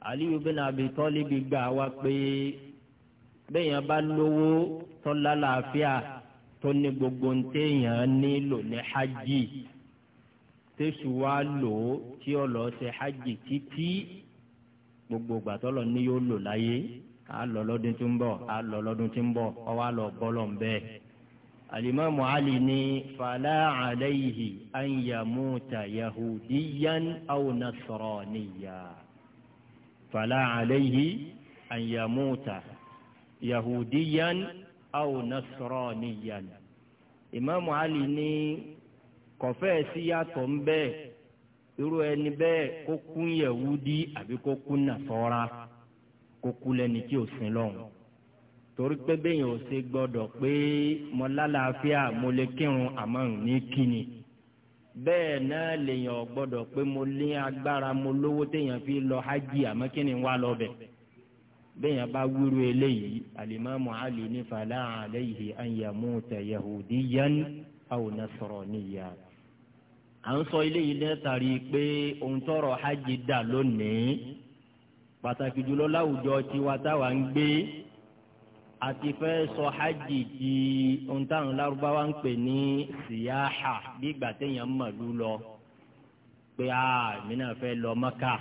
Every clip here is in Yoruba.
aliyu bin abi tọ́líbi gbà wá pé bẹ́ẹ̀yàn bá lówó tọ́lá làáfíà tó ní gbogbo ntẹ̀yàn nílò ní hajj tẹ̀sù wa lò ó tí ó lọ ṣe hajj títí gbogbo gbàtọ́lọ̀ ní yóò lò láyé a lọ lọ́dún tí ń bọ̀ a lọ lọ́dún tí ń bọ̀ ọ wa lọ bọ́lọ̀ ń bẹ́ẹ̀. alimami ali ni fala alayhi an yamuta yahudiyan aw nasraniya. فلا عليه أن يموت يهوديا أو نصرانيا. إمام علي kọ̀fẹ́ sí yàtọ̀ ń bẹ́ẹ̀ irú ẹni bẹ́ẹ̀ kó kún yahudi àbí kó kún nasọ́ra kó kú lẹ́ni tí ò sin lọ́hùn torí pé bẹ́ẹ̀ yẹn ò ṣe gbọ́dọ̀ pé mo lálàáfíà mo lè kírun àmọ́ ní kíni bẹ́ẹ̀ náà lèèyàn gbọ́dọ̀ pé mo lé agbára mo lówó téèyàn fi lọ hajj àmọ́ kí ni wá lọ bẹ̀ bẹ́ẹ̀yàn bá wúru eléyìí alimami ali ní fàlà àlẹ́yìí ànyàmú tẹ̀yẹ̀hùdí yẹn àwọn nasọ̀rọ̀ níyà. à ń sọ eléyìí lẹ́tàrí pé ohun tọrọ hajj dà lónìí pàtàkì jùlọ láwùjọ tiwa táwa ń gbé àti fẹ́ sọ hajj di ohun táwọn lárúbáwá ń pè ní síyáhà bí ìgbà téèyàn ń mọ̀lú lọ pé a mi náà fẹ́ lọ mọ́kà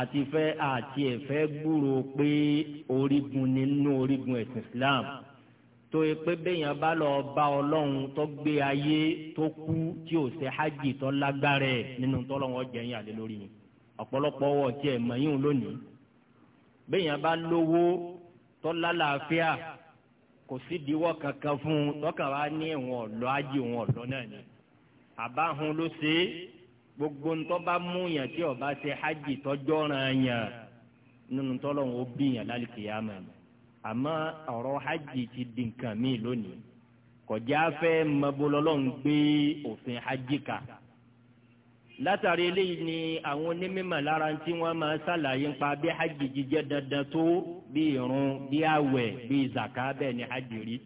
àti fẹ́ àti ẹ̀fẹ́ gbúrò pé orígun nínú orígun ẹ̀sìn Islam tó yẹ pé béèyàn bá lọ bá ọlọ́run tó gbé ayé tó kú tí ò ṣe hajj tó lágbára ẹ̀ nínú tọ́lọ́wọ́n jẹ̀yìn àlè lórí ni ọ̀pọ̀lọpọ̀ wọ̀ tí ẹ̀ mọ̀ yín lónìí béèyàn bá lówó tọ́lá làáfíà kò sí ìdíwọ́ kankan fún un tọ́kàn wá ní ìwọ̀n ọ̀lọ́ ajé ìwọ̀n ọ̀lọ́ náà ni àbáhun ló ṣe é gbogbo ńtọ́ bá mú yàn tí ọba ṣe hajj tọ́jọ́ ràn yàn nínú tọ́lọ́hún ó bí yàn lálùkìyàmà ni àmọ́ ọ̀rọ̀ hajj ti di nǹkan míì lónìí kọjá fẹ́ mọ́bólọ́lọ́ ń gbé òfin hajj kà látàrí eléyìí ni àwọn onímọ̀ lára tí wọ́n máa ṣàlàyé ń pa bí hajj jíjẹ́ dandan tó bí irun bí àwẹ̀ bí zaka bẹ́ẹ̀ ni hajj rí.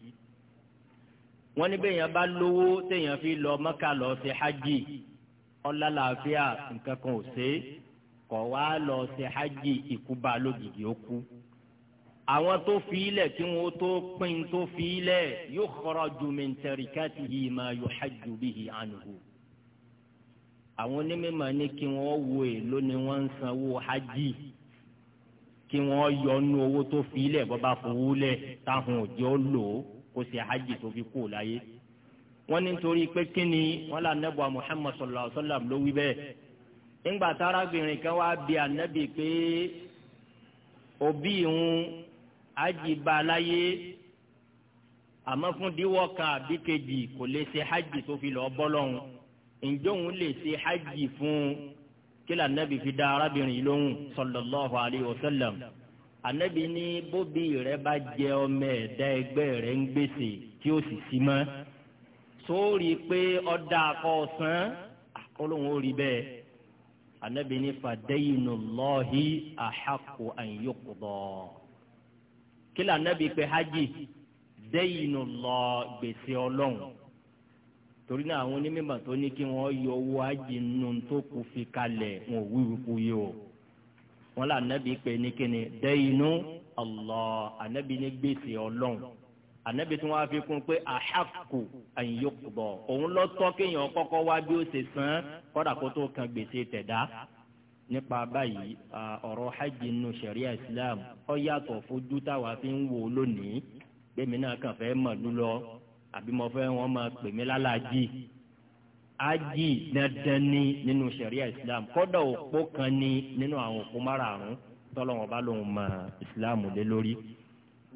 wọ́n ní bẹ́ẹ̀yàn bá lówó téèyàn fi lọ mọ́kà lọ sí hajj ọ̀la làáfíà nǹkan kan ò ṣe é kọ̀ wá lọ sí hajj ìkúba lójijì ó kú. àwọn tó fi ilẹ̀ tí wọ́n tó pín tó fi ilẹ̀ yukhraju min tarikatihi ma yuhajju bihi anhu àwọn onímọ̀ ní kí wọ́n wo èlò ni wọ́n ń sanwó hajj kí wọ́n yọnu owó tó fi ilẹ̀ bọ́ bá fowó lẹ̀ táwọn òjò lò ó kó ṣe hajj tó fi kú láyé wọ́n ní nítorí pé kí ni wọ́n lé anábọ̀ Muhammad sallallahu alayhi wa sallam ló wí bẹ́ẹ̀ nígbà tárábìnrin kan wá bí anábì pé òbí ìhun hajj bá láyé àmọ́ fún díwọ́ kan àbí kejì kò lè ṣe hajj tó fi lọ́ọ́ bọ́ lọ́hùn ǹjẹ́ òun lè ṣe hajj fún kílà nẹ́bí fi dá arábìnrin yìí lóhùn sallallahu alayhi wa sallam anabi ní bóbi rẹ bá jẹ ọmọ ẹ̀dá ẹgbẹ́ rẹ ń gbèsè tí ó sì sí mọ́ sórí pé ọ̀dà akọ̀ọ̀sán akọ́lóhùn ó rí bẹ́ẹ̀ anabi ní fadaynullahi ahaqqu an yuqda kílà nẹ́bí pé hajj dayinullah gbèsè ọlọ́run torí náà àwọn onímọ̀ tó ní kí wọ́n yọ owó ájì nù tó kù fi kalẹ̀ wọn ò wíwú kú yìí o wọn là ànábì pé ní kíni dẹ́yinú Allah ànábì ní gbèsè ọlọ́run ànábì tí wọ́n á fi kún pé àhàkù àyìnyókùbọ̀ òun lọ tọ́ kéèyàn kọ́kọ́ wá bí ó ṣe san kọ́dà kó tó kan gbèsè tẹ̀dá nípa báyìí ọ̀rọ̀ hajj sẹ̀ríà Islam ó yàtọ̀ fojú táwa fi ń wò lónìí gbẹ̀mí náà kàn fẹ́ mọ̀ lú àbí mo fẹ́ wọn máa pè mí lálàájì ájì dandan ni nínú ṣẹ̀ríà islam kọ́dà òpó kan ni nínú àwọn òpó márààrún tọ́lọ́wọ́n bá lòun mọ islam lé lórí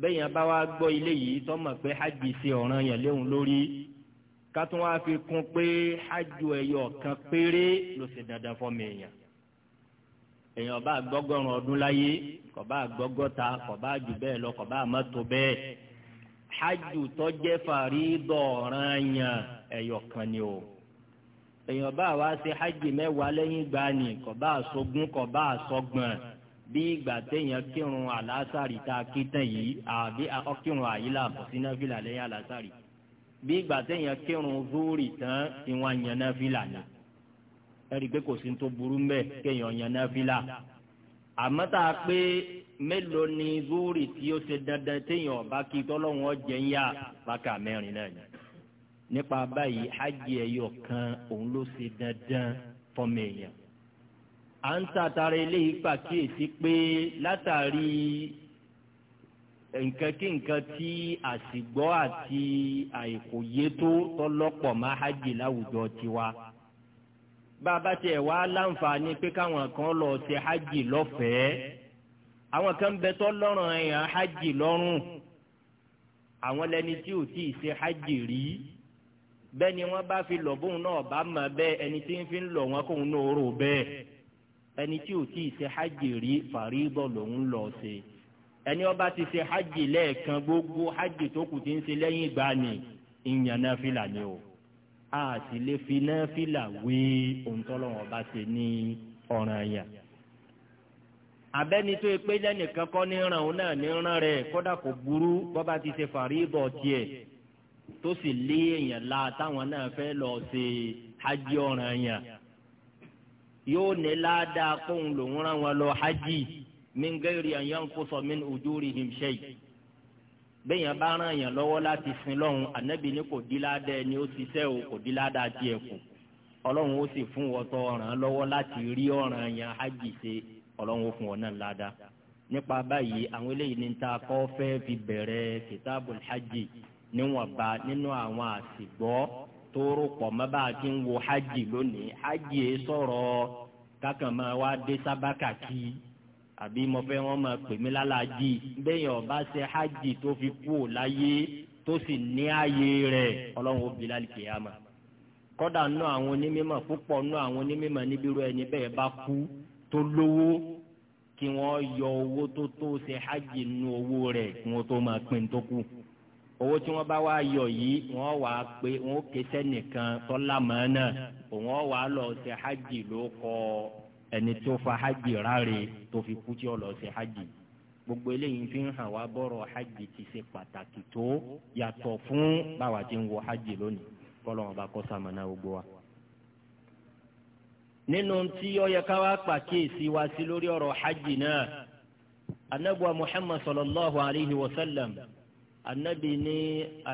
bẹ́ẹ̀ yẹn bá wá gbọ́ ilé yìí tó mọ̀ pé hajj ṣe ọ̀ràn yẹn léhùn lórí ká tún wá fi kún pé hajj ẹ̀yọ̀ kan péré ló ṣe dandan fọ́ mi èèyàn èèyàn bá gbọ́gọ́rùn ọdún láyé kò bá gbọ́gọ́ta kò bá jù bẹ́ẹ̀ lọ kò bá má tó bẹ́ẹ̀ hajj tó jẹ́ fàrídọ̀ ọ̀ràn yàn ẹ̀yọ̀ kan ni o èèyàn bá wa ṣe hajj mẹ́wàá lẹ́yìn ìgbà ni kò bá aṣogún kò bá aṣọgbọ̀n bí ìgbà téèyàn kírun àlásàrì tá a kí tán yìí àbí ọkírun àyílà bọ̀sínà fìlà lẹ́yìn àlásàrì bí ìgbà téèyàn kírun zúrì tán tí wọ́n yan náà fìlà ni ẹ̀rí pé kò sí tó burú mbẹ́ kéèyàn yan fìlà àmọ́ tá a pé mélòó ni zuri tí ó ṣe dandan téèyàn bá kí tọ́lọ́wọ́n jẹ́ ń yá bákà mẹ́rin náà ni. nípa báyìí hajj ẹ̀yọ̀ kan òun ló ṣe dandan fọ́mọ èèyàn. à ń tàtàrà eléyìí pàkíyèsí pé látàrí nǹkan kí nǹkan tí àsìgbọ́ àti àìkòyé tó tọ́lọ́pọ̀ máa hajj láwùjọ tiwa bá a bá tiẹ̀ wá láǹfààní pé káwọn kan lọ ṣe hajj lọ́fẹ̀ẹ́ àwọn kan bẹ tọ́ lọ́rùn ẹ̀yàn hajj lọ́rùn àwọn lẹni tí ò tí ì ṣe hajj rí bẹ́ẹ̀ ni wọ́n bá fi lọ bóun náà bá mọ̀ bẹ́ẹ̀ ẹni tí ń fi lọ wọn kóun náà rò bẹ́ẹ̀ ẹni tí ò tí ṣe hajj rí fàríbọ̀ lòun lọ ṣe ẹni ó bá ti ṣe hajj lẹ́ẹ̀kan gbogbo hajj tó kù ti ń ṣe lẹ́yìn ìgbà ni ìyàn náfìlà ni o a sì lè fi náfìlà wé ohun tọ́lọ́wọ́n bá ṣe ní ọ̀ràn yẹn abẹ́ni tó yẹ pé lẹ́nìkan kọ́ ní ràn òun náà ní ràn rẹ̀ kódà kò burú bọ́ba ti ṣe fàríbọ̀ tiẹ̀ tó sì lé èèyàn la táwọn náà fẹ́ lọ ṣe hajj ọ̀ràn yẹn yóò ní ládàá kóhun lòún ràn wọn lọ hajj min gairi an yankusa min ujurihim shay bẹ́ẹ̀yàn bá ràn yàn lọ́wọ́ láti sin lọ́hùn ànábì ní kò dí ládàá ẹni ó ṣiṣẹ́ o kò dí ládàá tiẹ̀ kù ọlọ́run ó sì fún wọ́tọ̀ ọ̀ràn lọ́wọ́ láti rí ọ̀ràn yẹn hajj ṣe ọlọ́run ó fún ọ náà ládàá nípa báyìí àwọn eléyìí ní ta kọ́ fẹ́ fi bẹ̀rẹ̀ kitabul hajj níwọ̀nba nínú àwọn àsìgbọ́ tó rọpọ̀ mọ́ bá a ti ń wo hajj lónìí hajj yìí e sọ̀rọ̀ kákan máa wá dé sábàkà kí àbí mo fẹ́ wọ́n máa pè mí lálàájì bẹ́ẹ̀ ọba ṣe hajj tó fi kú ò láyé tó sì ní ààyè rẹ̀ ọlọ́run ó bi lálùkìyàmà kọ́dà nù àwọn onímọ̀ púpọ̀ nù àwọn onímọ̀ níbi irú ẹni bẹ́ẹ̀ bá kú tó lówó kí wọ́n yọ owó tó tó ṣe hajj nínú owó rẹ̀ kí wọ́n tó máa pín tó kù owó tí wọ́n bá wá yọ yìí wọ́n wà á pé wọ́n ké sẹ́nìkan tọ́lá mọ́nà òun wà á lọ ṣe hajj ló kọ ẹni tó fa hajj ráre tó fi kú tí ó lọ ṣe hajj gbogbo eléyìí fi ń hàn wá bọ́rọ̀ hajj ti ṣe pàtàkì tó yàtọ̀ fún báwa ti ń wo hajj lónìí kọ́lọ́wọ́n bá kọ́ sàmọ́nà gbogbo wa nínú tí ó yẹ ká wá pàkíyèsí wa sí lórí ọ̀rọ̀ hajj náà anabuwa muhammad sallallahu alayhi wa sallam anabi ní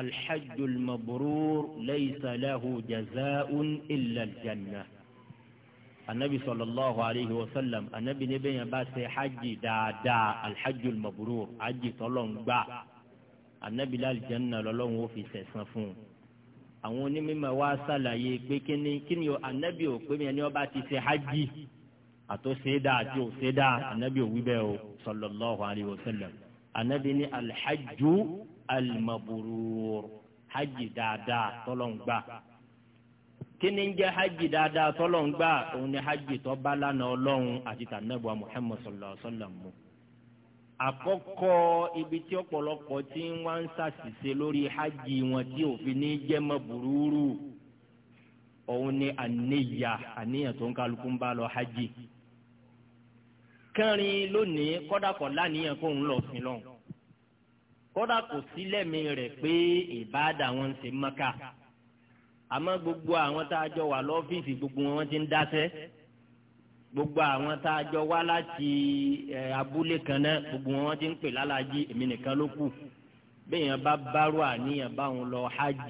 alhajjul mabrur laysa lahu jazaa'un illa aljanna anabi sallallahu alayhi wa sallam anabi ní bẹ́ẹ̀ yẹn bá ṣe alhajjul mabrur hajj tọ́lọ́ ń anabi láljanna lọ́lọ́run ó fi sẹ̀san fún àwọn onímọ̀ wa ṣàlàyé pé kíni kíni o anabi ò pé mi ẹni ọba ti ṣe hajj àtòṣeédà àti òṣeédà anabi ò wí bẹ́ẹ̀ o sallallahu alayhi wa sallam anabi ni alhajju almaburur hajj dáadáa tọ́lọ́ngbà kíni ń jẹ́ hajj dáadáa tọ́lọ́ngbà òun ni hajj tó bá lánàá ọlọ́run àti tànàbọ̀ muhammad sallallahu alayhi mu àkọ́kọ́ ibi tí ọ̀pọ̀lọpọ̀ ti ń wá ń ṣàṣìṣe lórí hajj wọn tí òfin ní jẹ́mọ́ burúkú òun ni àníyà àníyàn tó ń kálukú ń bá lọ hajj kẹrin lónìí kọ́dà kọ́ láníyàn kó ń lọ sí lọ kọ́dà kò sílẹ̀mí rẹ̀ pé ìbáàdà wọn ń ṣe mọ́kà àmọ́ gbogbo àwọn tá a jọ wà lọ́fíìsì gbogbo wọn ti ń dáṣẹ́ gbogbo àwọn tá a jọ wá láti ẹ abúlé kan náà gbogbo wọn ti ń pè lálàájì èmi nìkan ló kù bẹ́ẹ̀ yẹn bá bárò àníyàn báwọn lọ hajj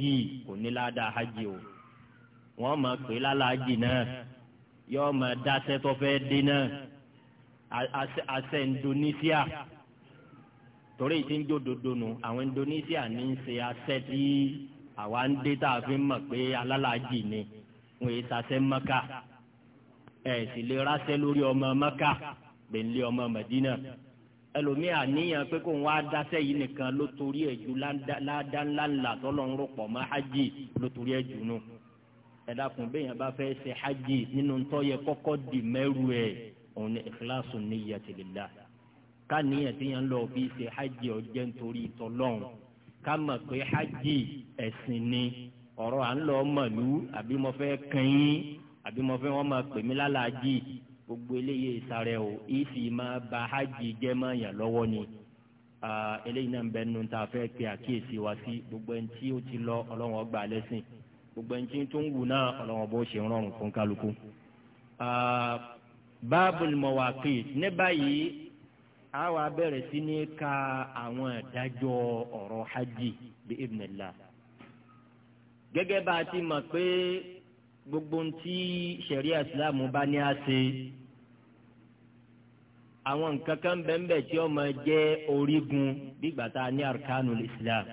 kò ní ládàá hajj o wọ́n máa pè lálàájì náà yọ máa dáṣẹ́ tó fẹ́ dé náà àṣẹ Indonesia torí ti ń jó dodonu àwọn Indonesia ní í ṣe àṣẹ tí àwa ń dé tá a fi mọ̀ pé alálàájì ni wọ́n yé sasẹ́ mọ́ká ẹ̀ sì lè ráṣẹ́ lórí ọmọ mẹ́kà gbẹ̀ǹlé ọmọ mẹ́dínà ẹlòmíì àníyàn pé kó ń wá dáṣẹ́ yìí nìkan ló torí ẹ̀ ju ládá ńláńlá tọ́lọ́ ń rọpọ̀ mọ́ hajj ló torí ẹ̀ jù nù ẹ dákun bẹ́ẹ̀ yẹn bá fẹ́ ṣe hajj nínú tó yẹ kọ́kọ́ di mẹ́rù ẹ̀ òun ni ikhlasu niyyati lillah káníyàn tí yẹn lọ bí ṣe hajj ọjẹ́ nítorí tọ́lọ́run ká mọ̀ pé hajj ẹ̀sìn ni ọ̀rọ̀ à ń lọ mọ̀lú àbí mo fẹ́ kàn àbí mo fẹ́ wọ́n máa pè mí lálàájì gbogbo eléyìí sáré o ìfì máa ba hajj jẹ́ máa yàn lọ́wọ́ ni eléyìí náà ń bẹ nu ta fẹ́ pe àkíyèsí wa sí gbogbo ẹni tí ó ti lọ ọlọ́run ọgbà lẹ́sìn gbogbo ẹni tí tó ń wù náà ọlọ́run ọbọ̀ ṣe ń rọrùn fún kálukú. báàbùl mawaqit ní báyìí a wá bẹ̀rẹ̀ sí ní ka àwọn ìdájọ́ ọ̀rọ̀ hajj bí ibnillah gẹ́gẹ́ bá a ti mọ̀ pé gbogbo ntí ṣẹ̀ríà ìsìláàmù bá ní àṣẹ àwọn nǹkan kan bẹ́ẹ̀ tí ó máa jẹ́ orígun bígbà tá ní arkanul islam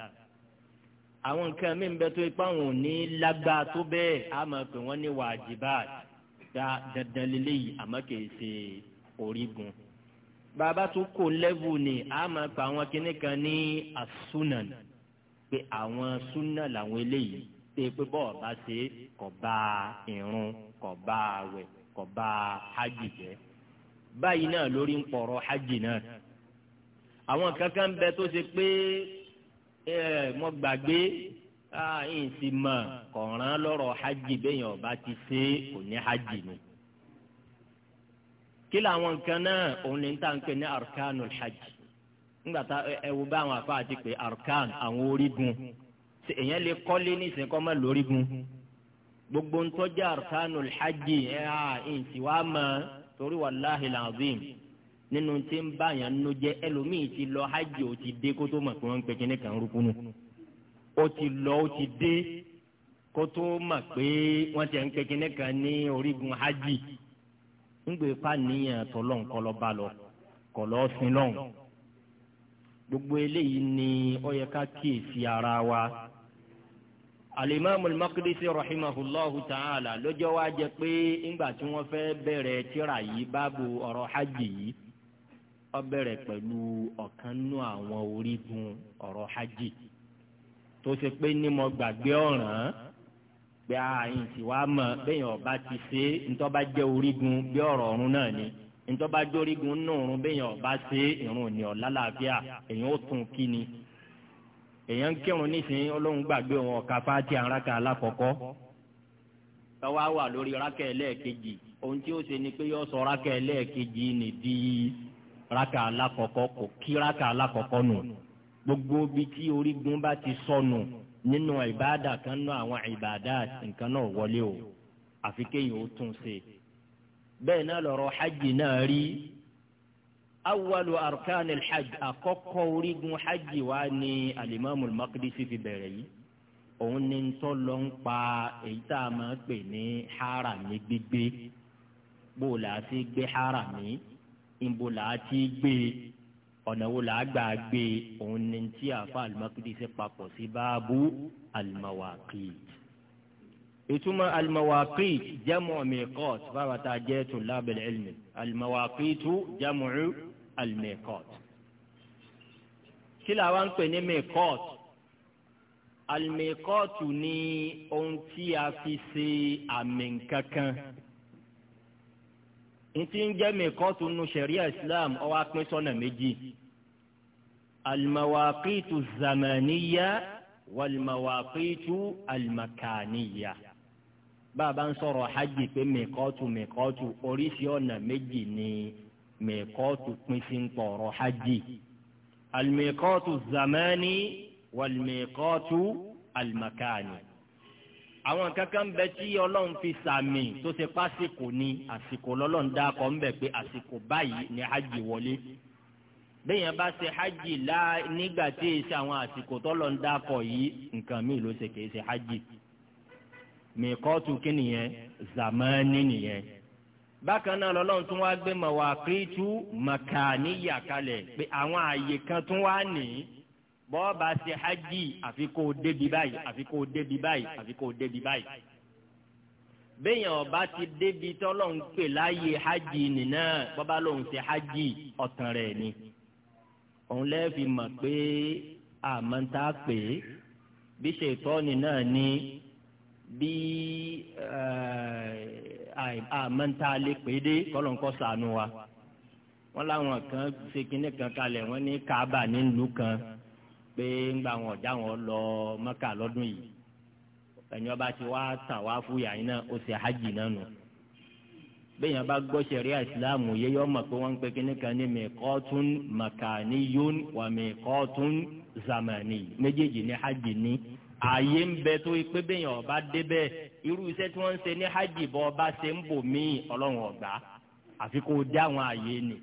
àwọn nǹkan mi bẹ́ẹ̀ tó ipá wọn ò ní lágbára tó bẹ́ẹ̀ á máa pè wọ́n ní wàjibáàt dá dandan lélẹ́yìí àmọ́ kìí ṣe orígun bàbá tó kò lẹ́vù ni a máa pa àwọn kinní kan ní asúnan pé àwọn súnà làwọn eléyìí ṣe pé bọ́ọ̀ bá ṣe kọ̀ bá irun kọ̀ bá àwẹ̀ kọ̀ bá hajj jẹ́ báyìí náà lórí ń pọ̀rọ̀ hajj náà àwọn kankan ń bẹ tó ṣe pé mo gbàgbé ẹ̀yìn sì mọ̀ kọ̀ọ̀ràn lọ́rọ̀ hajj bẹ́yìn ọba ti ṣe kò ní hajj ni kí làwọn nǹkan náà òun ní ta ní arkanul hajj nígbà tá ẹ wo bá àwọn afa àti pé arkan àwọn orígun èèyàn lè kọ́lé nísìnyí kọ́ mọ́ lórí gun gbogbo ntọ́jà arkanul hajj ẹ̀ à ǹtí wàá mọ̀ torí wàláhi làzim nínú tí ń bá yàn nínú jẹ́ ẹlòmíì ti lọ hajj ó ti dé kó tó mọ̀ pé wọ́n ń pè kíní kan rúkúnù ó ti lọ ó ti dé kó tó mọ̀ pé wọ́n ti ń pè kíní kan ní orígun hajj ńgbè pa níyàn tọ́lọ́n kọlọ́ba lọ kọlọ́ sin lọ́hùn gbogbo eléyìí ni ó yẹ ká kíyèsí ara wa alimami makidisi rahimahulahu ta'ala lọ́jọ́ wa jẹ́ pé ńgbà tí wọ́n fẹ́ bẹ̀rẹ̀ tírà yìí báàbù ọ̀rọ̀ hajj yìí ó bẹ̀rẹ̀ pẹ̀lú ọ̀kan nú àwọn orígun ọ̀rọ̀ hajj tó ṣe pé ní mo gbàgbé ọ̀ràn pé àyìn tí wàá mọ̀ bẹ́yìn ọba ti ṣe ntọ́ bá jẹ́ orígun bí ọ̀rọ̀ ọ̀run náà ni ntọ́ bá jẹ́ orígun nù ọ̀run bẹ́yìn ọba ṣe ìrun ní ọ̀lá làbíà ó tún kí ni èèyàn ń kírun nísìnyí olóhùn gbàgbé wọn ọ̀ka fáti àràkà alákọ̀ọ́kọ́ tọ́wá wà lórí rákà ẹlẹ́ẹ̀kejì ohun tí ó ṣe ni pé yóò sọ rákà ẹlẹ́ẹ̀kejì nìdí rákà alákọ̀ọ́kọ́ kò kí rákà alákọ̀ọ́kọ́ nù gbogbo bí tí orígun bá ti sọnù nínú ìbáàdà kan náà àwọn ìbáàdà nǹkan náà wọlé o àfi ó tún ṣe bẹ́ẹ̀ náà lọ́rọ̀ hajj náà rí awalu arkan alhajj àkọ́kọ́ orígun hajj wa ni alimami makidisi fi bẹ̀rẹ̀ yìí òun ni ntọ́ lọ ń pa èyí tá a máa pè ní harami gbígbé bó la ti gbé harami ìbò la ti gbé ọ̀nà wo la gbà gbé òun ni tí àfa alimakidisi papọ̀ sí báàbù alimawaqit ìtumọ̀ alimawaqit jamu miqat bàbá tá jẹ́ tó lábẹ́lẹ́ ilmi alimawaqitu jamu al-miqat kí làwọn ń pè ní miqat al-miqat ní ohun tí a fi ṣe àmì kankan ntí ń jẹ́ miqat nu sharia islam ó wà pín sọ́nà méjì al-mawaqitu zamaniya wal-mawaqitu bàbá ń sọ̀rọ̀ hajj pé mìkọ́tù mìkọ́tù oríṣi ọ̀nà méjì ni mẹ́kọ́tù pín sí ń pọ̀ ọ̀rọ̀ المكاني. alimẹ́kọ́tù zamani walimẹ́kọ́tù alimakani àwọn kankan bẹ tí ọlọ́run fi sàmì tó ṣe pásìkò ni àsìkò lọ́lọ́run dákọ̀ ń bẹ̀ pé àsìkò báyìí ni hajj wọlé bẹ́yẹn bá ṣe hajj la nígbà tí e ṣe àwọn àsìkò tọ́lọ́run dákọ̀ yìí nǹkan míì ló ṣe kì í ṣe hajj mẹ́kọ́tù kí nìyẹn zamani nìyẹn bákan náà lọ́lọ́run tún wá gbé mọ̀wákìtú màkàníyà kalẹ̀ pé àwọn àyè kan tún wá ní bọ́ọ̀bà ṣe hajj àfi kó o débi báyìí àfi kó o débi báyìí àfi kó o débi báyìí. béèyàn ọba ti débi tọ́lọ́run pè láàyè hajj nìna bọ́ba lòun ṣe hajj ọ̀tàn rẹ̀ ni. òun lẹ́ẹ̀fi mọ̀ pé àmọ́ tá bí ṣètọ́ni náà ní bí àmọ́ntà lè pè é dé kọ́lọ́nkọ́ sànù wa wọ́n láwọn kan ṣe kinní kan kalẹ̀ wọ́n ní kaaba nílùú kan pé ń gba àwọn ọ̀já wọn lọ mọ́kà lọ́dún yìí ẹni ọba ti wá tàn wá fúyà yín náà ó ṣe hajj náà nù bẹ́ẹ̀yàn bá gbọ́ sẹ̀ríà ìsìláàmù yẹ yọ mọ̀ pé wọ́n ń pe kíní kan ní mẹ́kọ́tún makaniyun wà mẹ́kọ́tún zamani méjèèjì ní hajj ní ààyè ń bẹ tó pé bẹ́ẹ̀yàn ọba débẹ̀ irú iṣẹ́ tí wọ́n ń ṣe ní hajj bọ́ ọba ṣe ń bò míì ọlọ́run ọ̀gbà àfi kó o dá àwọn àyè ni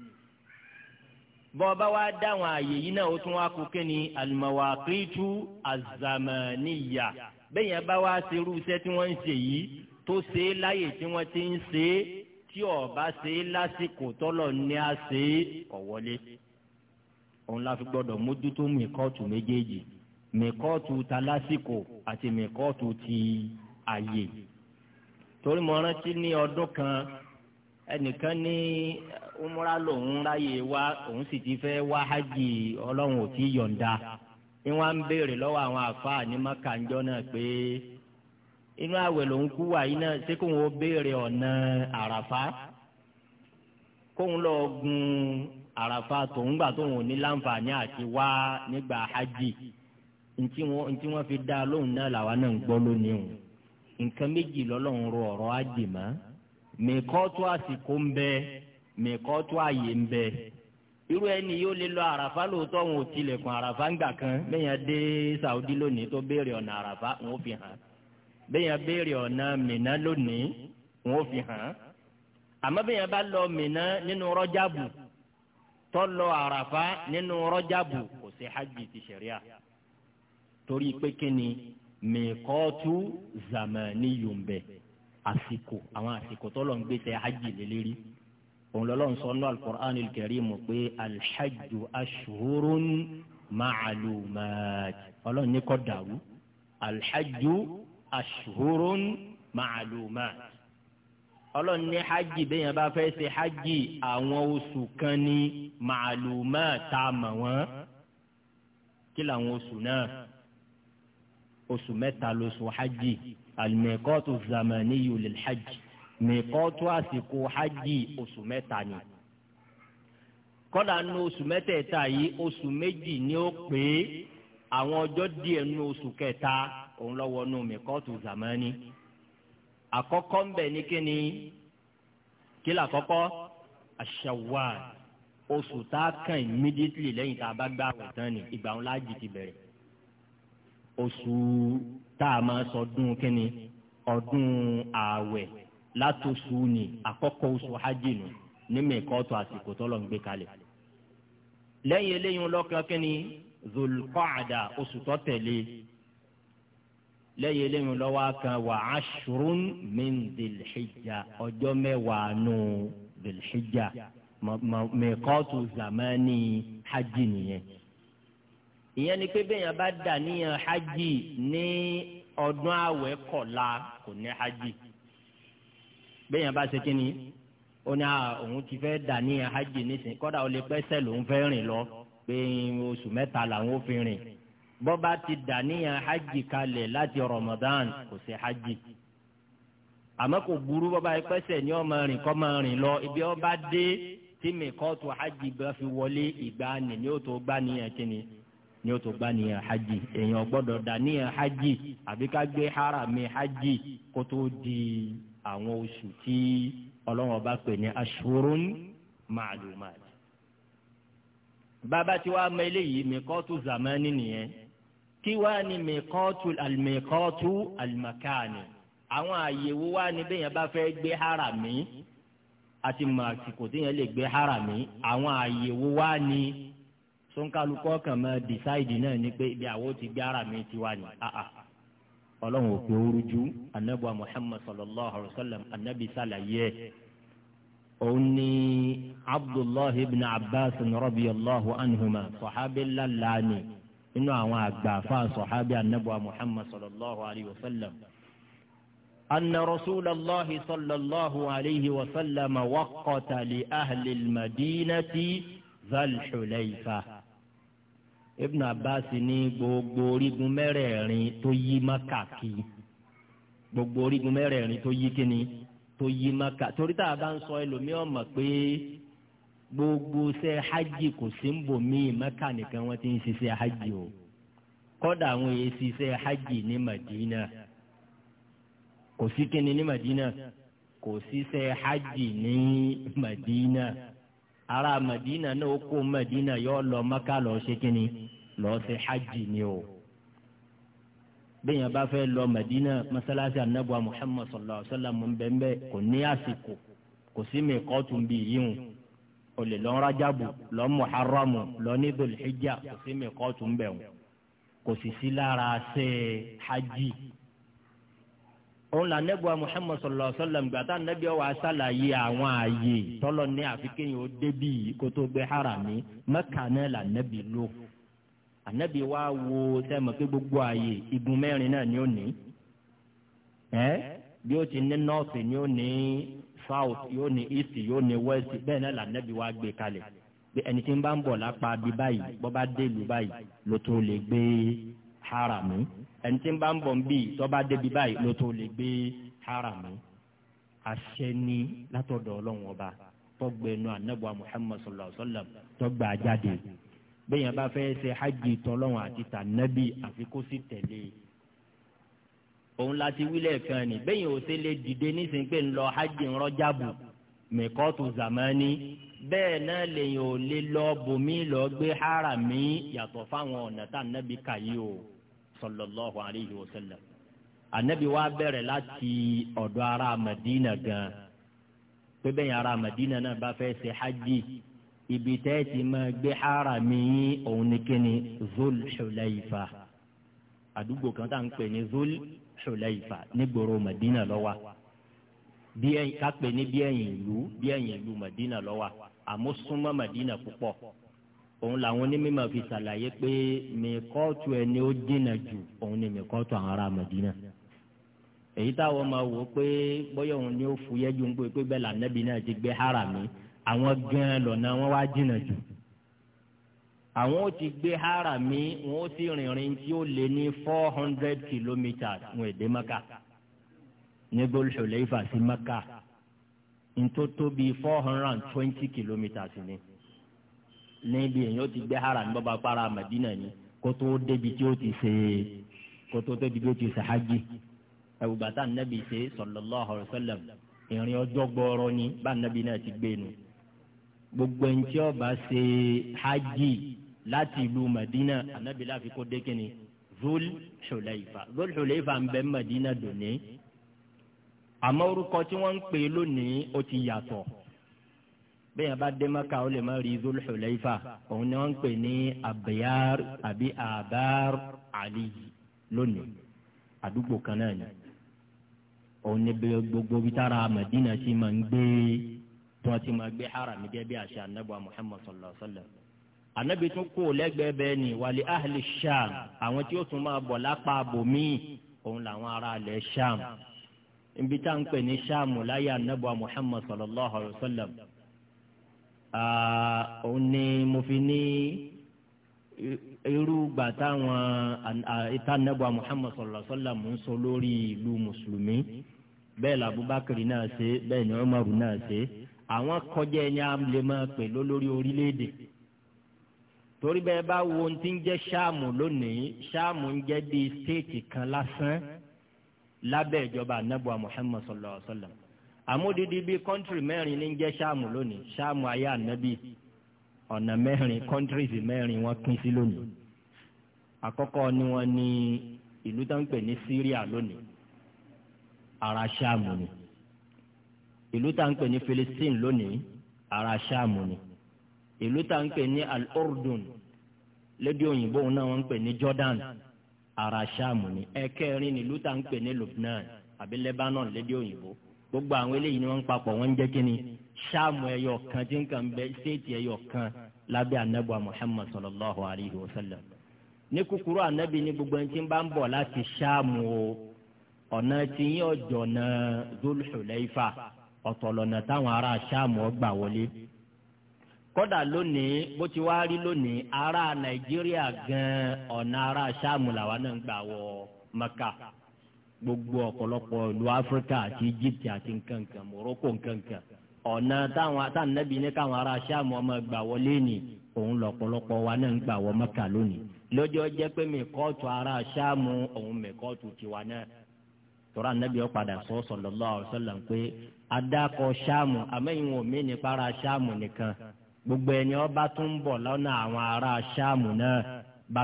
bọ́ ọba wa dá àwọn àyè yìí náà ó tún wá kú kí ni alimawakitu azamaniya bẹ́ẹ̀ yẹn bá wá ṣe irú iṣẹ́ tí wọ́n ń ṣe yìí tó ṣe é láyè tí wọ́n ti ń ṣe é tí ọba ṣe é lásìkò tọ́lọ̀ ní a ṣe é kọ̀ wọlé òun la fi gbọ́dọ̀ mójútó mìkọ́ọ̀tù méjèèjì mìkọ́ọ̀tù ta lásìkò àti mìkọ́ọ̀tù ti. àyè torí mo rántí ní ọdún kan ẹnìkan ní umra lòun ráyè wá òun sì ti fẹ́ wá hajj ọlọ́run ò tí yọ̀ǹda ni wọ́n ń béèrè lọ́wọ́ àwọn àfáà ní mọ́kànjọ́ náà pé inú àwẹ̀ lòun kú wà náà ṣé kóun ó béèrè ọ̀nà àràfá kóun lọ gun àràfá tòun gbà tóun ò ní láǹfààní àti wá nígbà hajj ntí wọ́n fi dá lóhùn náà làwa náà ń gbọ́ lónìí o nǹkan méjì lọ́lọ́run ro ọ̀rọ̀ ájì mọ́ mẹ́kọ́tù àsìkò ń bẹ mẹ́kọ́tù àyè ń bẹ irú ẹni yóò lè lọ àràfá lóòótọ́ wọn ò tilẹ̀kùn àràfá ńgbà kan dé Saudi lónìí tó béèrè ọ̀nà Arafa, wọn ò fi hàn bẹ́yẹn béèrè ọ̀nà Mínà lónìí ò fi hàn àmọ́ ba bá lọ Mínà nínú rọ́jàbù tó lọ àràfá nínú rọ́jàbù kò sí hajj ti torí pé kíni mìkọ́tù zamani yombe àsìkò àwọn àsìkò tó lọ́n gbèsè hajj lélẹ́rí òun lọ́lọ́n sọ ní alukur'an kẹrìmù pé alhajju ashurun ma'alumat ọlọ́run ní kọ́ dàrú alhajju ashurun ma'alumat ọlọ́run ní hajj bẹ́yẹn bá fẹ́ ṣe hajj àwọn oṣù kan ní ma'alumat tá a mọ̀ wọ́n kí làwọn oṣù náà oṣù mẹ́ta lóṣù hajj alimẹ̀kọ́tù zamaniyu lil hajj mẹ̀kọ́tù àsìkò hajj oṣù mẹ́ta ni. kọ́dà nu oṣù mẹ́tẹ̀ẹ̀ta yìí oṣù méjì ni ó pé àwọn ọjọ́ díẹ̀ nu oṣù kẹta òun lọ́wọ́ nu mẹ̀kọ́tù zamani. àkọ́kọ́ ń bẹ ní kíni kí kọ́kọ́ aṣàwà oṣù tá a kàn immediately lẹ́yìn tá a bá gbà wọ̀ tán ni ìgbà wọn láàjì ti bẹ̀rẹ̀ oṣù tá a máa sọdún kínní ọdún ààwẹ̀ látòṣù ni àkọ́kọ́ oṣù hajj nù ní mẹ́kọ́tù àsìkò tọ́lọ̀ ń gbé kalẹ̀. lẹ́yìn eléyìí lọ́kàn kínní zulqaada oṣù tó tẹ̀lé lẹ́yìn eléyìí lọ́wọ́ kan wà ashrun min zilhijja ọjọ́ mẹ́wàá nù zilhijja mẹ́kọ́tù zamani hajj nìyẹn ìyẹn ni pé bẹ́ẹ̀yàn bá dà níyàn hajj ní ọdún àwẹ̀ kọ̀la kò ní hajj bẹ́ẹ̀yàn bá ṣe kínní ó ní òun ti fẹ́ dà níyàn hajj nísìn kọ́dà ó lè pẹ́sẹ̀ lòún fẹ́ rìn lọ pé oṣù mẹ́ta làwọn ò fi rìn bọ́ba ti dà níyàn hajj kalẹ̀ láti Ramadan kò ṣe hajj àmọ́ kò burú bọ́ba pẹ́sẹ̀ ní ọmọ rìn kọ́ máa rìn lọ ibi ọba dé tí mi kọ́ tó hajj gbà fi wọlé ìgbà nìyẹn tó gbà níyàn kínní ni ó tó gbá nìyẹn hajj èèyàn gbọ́dọ̀ dá nìyẹn hajj àbí ká gbé harami hajj kó tó di àwọn oṣù tí ọlọ́wọ́n bá pè ní ashurun ma'lumat. bàbá tí wàá mọ eléyìí mìkọ́tù zamani nìyẹn kí wàá ní mìkọ́tù àlùmìkọ́tù àlùmàkàní àwọn àyèwò wàá ní bẹ́yẹn bá fẹ́ gbé harami àti màtìkò téèyàn lè gbé harami àwọn àyèwò wàá ní tó ń kálukọ́ kàn máa dìsáìdì náà ni pé ibi àwọn ti gbé ara mi ti wá ní àà ọlọ́run ò pé orújú anabuwa muhammad sallallahu alayhi wa sallam anabi sàlàyé òun ni abdullahi ibn abbas radiyallahu anhuma sọ̀hábí lálàání nínú àwọn àgbààfà sọ̀hábí anabuwa muhammad sallallahu alayhi wa sallam. أن رسول الله صلى الله عليه وسلم وقت لأهل المدينة ذا الحليفة Ibn Abbas ní gbogbo orígun mẹ́rẹ̀ẹ̀rin tó yí maka kí gbogbo orígun mẹ́rẹ̀ẹ̀rin tó yí kíni tó yí maka torí tá a bá ń sọ ẹlòmíràn mọ̀ pé gbogbo ṣe hajj kò sí ń bò míì Mákà nìkan wọ́n ti ń ṣiṣẹ́ hajj o kọ́dà àwọn èyí ṣiṣẹ́ hajj ní Madina kò sí kíni ní Madina kò ṣiṣẹ́ hajj ní Madina. ará Madina náà ó kó Madina yóò lọ Maka lọ ṣe kínní lọ ṣe hajj ni o bẹ́ẹ̀yàn bá fẹ́ lọ Madina masalasi anabuwa Muhammad sallallahu alaihi wa sallam bẹ́ẹ̀ kò ní àsìkò kò sí mi kọ́ọ̀tù bíi yíwù o lè lọ Rajabu lọ Muharramu lọ ní Dhul kò sí mi kọ́ọ̀tù bẹ́ẹ̀ kò sì sí lára ṣe hajj òun là nẹ́bùa Muhammad sallallahu alaihi wasallam gbàtà nẹ́bí ọwọ́ asálàyé àwọn ààyè tọ́lọ ní àfikẹ́yìn ó débì kó tó gbé harami mẹ́ka náà là nẹ́bí lò ànẹ́bí wa wo sẹ́mi pé gbogbo ààyè igun mẹ́rin náà ni ó ní ẹ́ bí ó ti ní nọ́ọ̀sì ni ó ní south yóò ní east yóò ní west bẹ́ẹ̀ náà là nẹ́bí wa gbé kalẹ̀ pé ẹni tí ń bá ń bọ̀ lápá bí báyìí bọ́ bá dé ìlú báyìí ló lè gbé harami ẹni tí ń bá ń bọ̀ ń bì tó bá débi báyìí ló tó lè gbé haramu àṣẹ ni látọ̀dọ̀ ọlọ́run ọba tọgbẹnu anabuwa muhammad sallallahu alaihi wa sallam tọgbà jáde bẹ́ẹ̀ bá fẹ́ ṣe hajj tọ́lọ́run àti tànàbí àfi kó sì tẹ̀lé òun láti wílẹ̀ kan ni bẹ́ẹ̀ ò ṣe lè dìde nísìnyí pé ń hajj ń mẹ́kọ́tù zamani bẹ́ẹ̀ náà lèyìn ò lè lọ bòmí lọ gbé haramí yàtọ̀ fáwọn ọ̀nà tànàbí kàyí o sallallahu alayhi wa sallam anabi wa bẹ̀rẹ̀ láti ọ̀dọ̀ ara madina gan pé bẹ́ẹ̀ yẹn ara madina náà bá fẹ́ ṣe hajj ibi tẹ́ ti máa gbé hara mi òun ni kíni zul xulayfa àdúgbò kan tá à ń pè ní zul xulayfa nígboro madina lọ́wọ́ bí ẹ̀yìn ká pè ní bí ẹ̀yìn ìlú bí ẹ̀yìn ìlú madina lọ́wọ́ àmọ́ madina púpọ̀ òun làwọn onímọ̀ fi ṣàlàyé pé mìkọ́ọ̀tù ẹni ó dínà jù òun ni mìkọ́ọ̀tù àwọn ará Mẹdínà èyí táwọn máa wò pé bóyá òun ni ó fúyẹ́ ju ń pé pé bẹ́ẹ̀ lànàbí náà ti gbé harami àwọn gan lọ́nà wọn wá dínà jù àwọn ó ti gbé harami wọn ó sì rìnrìn tí ó lé ní four hundred kilometres wọn èdè Maka ní Dhul Hulayfa sí Maka ntótó bíi four hundred and twenty kilometres ni níbi èyàn ó ti gbé hara ní bàbá para Madina ni kó tó débi tí ó ti ṣe kó tó débi tí ó ti ṣe hajj ẹ̀wùgbàtà nàbì ṣe sallallahu alaihi wasallam ìrìn ọjọ́ gbọ́ọ̀rọ̀ ni bá nàbì náà ti gbé nu gbogbo ẹni tí ó bá ṣe hajj láti ìlú Madina ànábì láfi kó dé kíni Zul Hulaifa Zul Hulaifa ń bẹ Madina dòní àmọ́ orúkọ tí wọ́n ń pè lónìí ó ti yàtọ̀ bẹ́ẹ̀ yẹn bá dé maka ó lè má rí Zul Hulayfa òun ni wọ́n ń pè ní abiyar àbí abar ali lónìí àdúgbò kan náà ni òun ni gbogbo bí tára Madina ti máa ń gbé tí wọ́n ti máa gbé haram gẹ́gẹ́ bí àṣà anábọ̀ Muhammad sallallahu alayhi wa sallam anabi tún kó lẹ́gbẹ̀ẹ́ bẹ́ẹ̀ ni wàlẹ ahli sham àwọn tí ó tún máa bọ̀ lápá bòmíì òun làwọn ará ilẹ̀ sham ibi tá à ń pè ní sham láyé anabi muhammad sallallahu alayhi wa sallam òun ni mo fi ní irú gbà táwọn ìtànẹ́gbà Muhammad sallallahu alaihi wasallam ń sọ lórí ìlú mùsùlùmí bẹ́ẹ̀ làbúbákiri náà ṣe bẹ́ẹ̀ ni Umaru náà ṣe àwọn kọjá ẹni à ń lè máa pè lólórí orílẹ̀-èdè torí bẹ́ẹ̀ bá wo ohun tí ń jẹ́ ṣáàmù lónìí ṣáàmù ń jẹ́ bíi stéètì kan lásán lábẹ́ ìjọba anábọ̀ Muhammad sallallahu àmúdídí bíi kọ́ńtírì mẹ́rin ní jẹ́ ṣáàmù lónìí ṣáàmù ayé ànábì ọ̀nà mẹ́rin kọ́ńtírìsì mẹ́rin wọ́n pín sí lónìí àkọ́kọ́ ni wọ́n ní ìlú tó ń pè ní Syria lónìí ara ṣáàmù ni ìlú tá à ń pè ní Palestine lónìí ara ṣáàmù ni ìlú tá ń pè ní Al-Urdun lédè òyìnbó náà wọ́n ń pè ní Jordan ara ṣáàmù ni ẹ̀kẹrin ni ìlú tá ń pè ní Lebanon àbí Lebanon lédè òyìnbó gbogbo àwọn eléyìí ni wọn ń papọ̀ wọ́n ń jẹ́ ni ṣáàmù ẹyọ kan tí ń kàn bẹ ṣéètì ẹyọ kan lábẹ́ anábọ̀ muhammad sallallahu alayhi wa sallam ní kúkúrú anábì ní gbogbo ẹni tí ń bá ń bọ̀ láti ṣáàmù o ọ̀nà tí yín ọjọ́ náà Dhul Hulayfa ọ̀tọ̀lọ̀nà táwọn ará ṣáàmù ọgbà wọlé kódà lónìí bó ti wá rí lónìí ará nàìjíríà gan ọ̀nà ará ṣáàmù làwọn náà ń gbà wọ maka. gbogbo ọ̀pọ̀lọpọ̀ ìlú áfíríkà àti egypt àti nkankan morocco nkankan ọ̀nà táwọn àtànẹ́bí ní káwọn ará sáàmù ọmọ gbà wọlé ni òun lọ̀pọ̀lọpọ̀ wa náà ń gbà wọ mẹ́kà lónìí lójó jẹ́ pé ará sáàmù òun tiwa náà tọ́ra ó padà sọ pé sáàmù àmẹ́yìn wọn mí nípa ará sáàmù nìkan gbogbo ẹni bá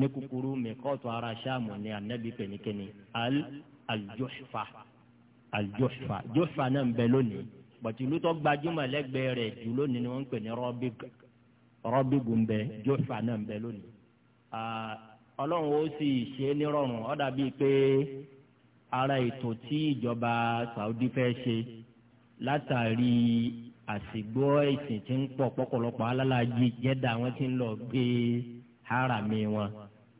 ní kúkúrú mẹ́kọ́tù ara ṣáàmù ni anabi pẹ̀lẹ́kẹ́ni al aljuhfa aljuhfa juhfa náà ń bẹ lónìí bàtí ìlú tó gbajúmọ̀ lẹ́gbẹ̀ẹ́ rẹ̀ jù lónìí ni wọ́n ń pè ní rọ́bìg rọ́bìgù ń bẹ juhfa náà ń bẹ lónìí. ọlọ́run ó sì ṣe é nírọ̀rùn ó dàbí pé ara ètò tí ìjọba Saudi fẹ́ ṣe látàrí àsìgbọ́ ẹ̀sìn tí ń pọ̀ pọ̀pọ̀lọpọ̀ alálàájì jẹ́dá wọn ti ń lọ gbé harami wọn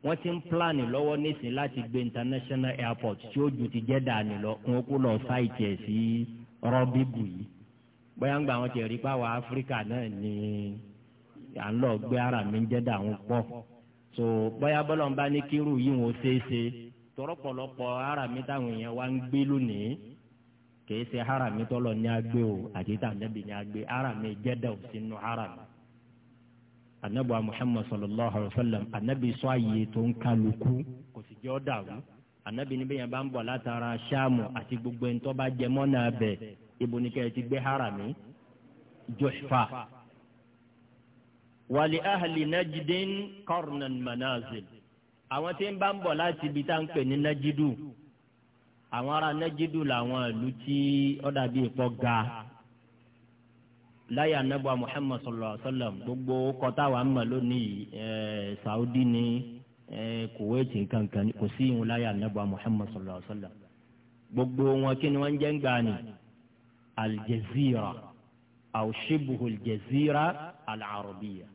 wọ́n ti ń pílánì lọ́wọ́ nísìnyí láti gbé international airport tí ó ju ti Jẹ́dà ní lọ kún ó kú lọ sáìtì ẹ̀ sí rọ́bìbù yìí bóyá ń gba àwọn tiẹ̀ rí pàwọ́ Áfíríkà náà ni à ń lọ gbé ara mi ń Jẹ́dà ń pọ̀ so bóyá bọ́lá ń bá ní kírù yìí wọn ó ṣeé ṣe tọ́rọ̀pọ̀lọpọ̀ ara mi táwọn èèyàn wá ń gbé lónìí kìí ṣe ara mi tọ́lọ̀ ní agbé o àti tàǹdẹ́bì ní agbé ara mi Jẹ́dà ò sínú ara mi anabu muhammad sallallahu alayhi wa sallam anabi sọ àyè tó ń kálukú kò sì jẹ́ ọ́ dàrú anabi níbi yẹn bá ń bọ̀ látara ṣáàmù àti gbogbo ẹni tó bá jẹ mọ́nà abẹ ibo ni kẹ́ ẹ ti gbé harami juhfa wàlí ahli najdin qarnan manazil àwọn tí ń bá ń bọ̀ láti ibi tá à ń pè ní najidu àwọn ará najidu làwọn ìlú tí ó dàbí ga láyé anábọ̀ Muhammad sallallahu alaihi wasallam gbogbo kọta wa mọ̀ lónìí Saudi ní Kuwait kankan kò sí ìhun láyé anábọ̀ Muhammad sallallahu alaihi wasallam gbogbo wọn kí ni wọ́n jẹ́ ń gbà ní Al-Jazeera aw shibuhu Al-Jazeera Al-Arabiya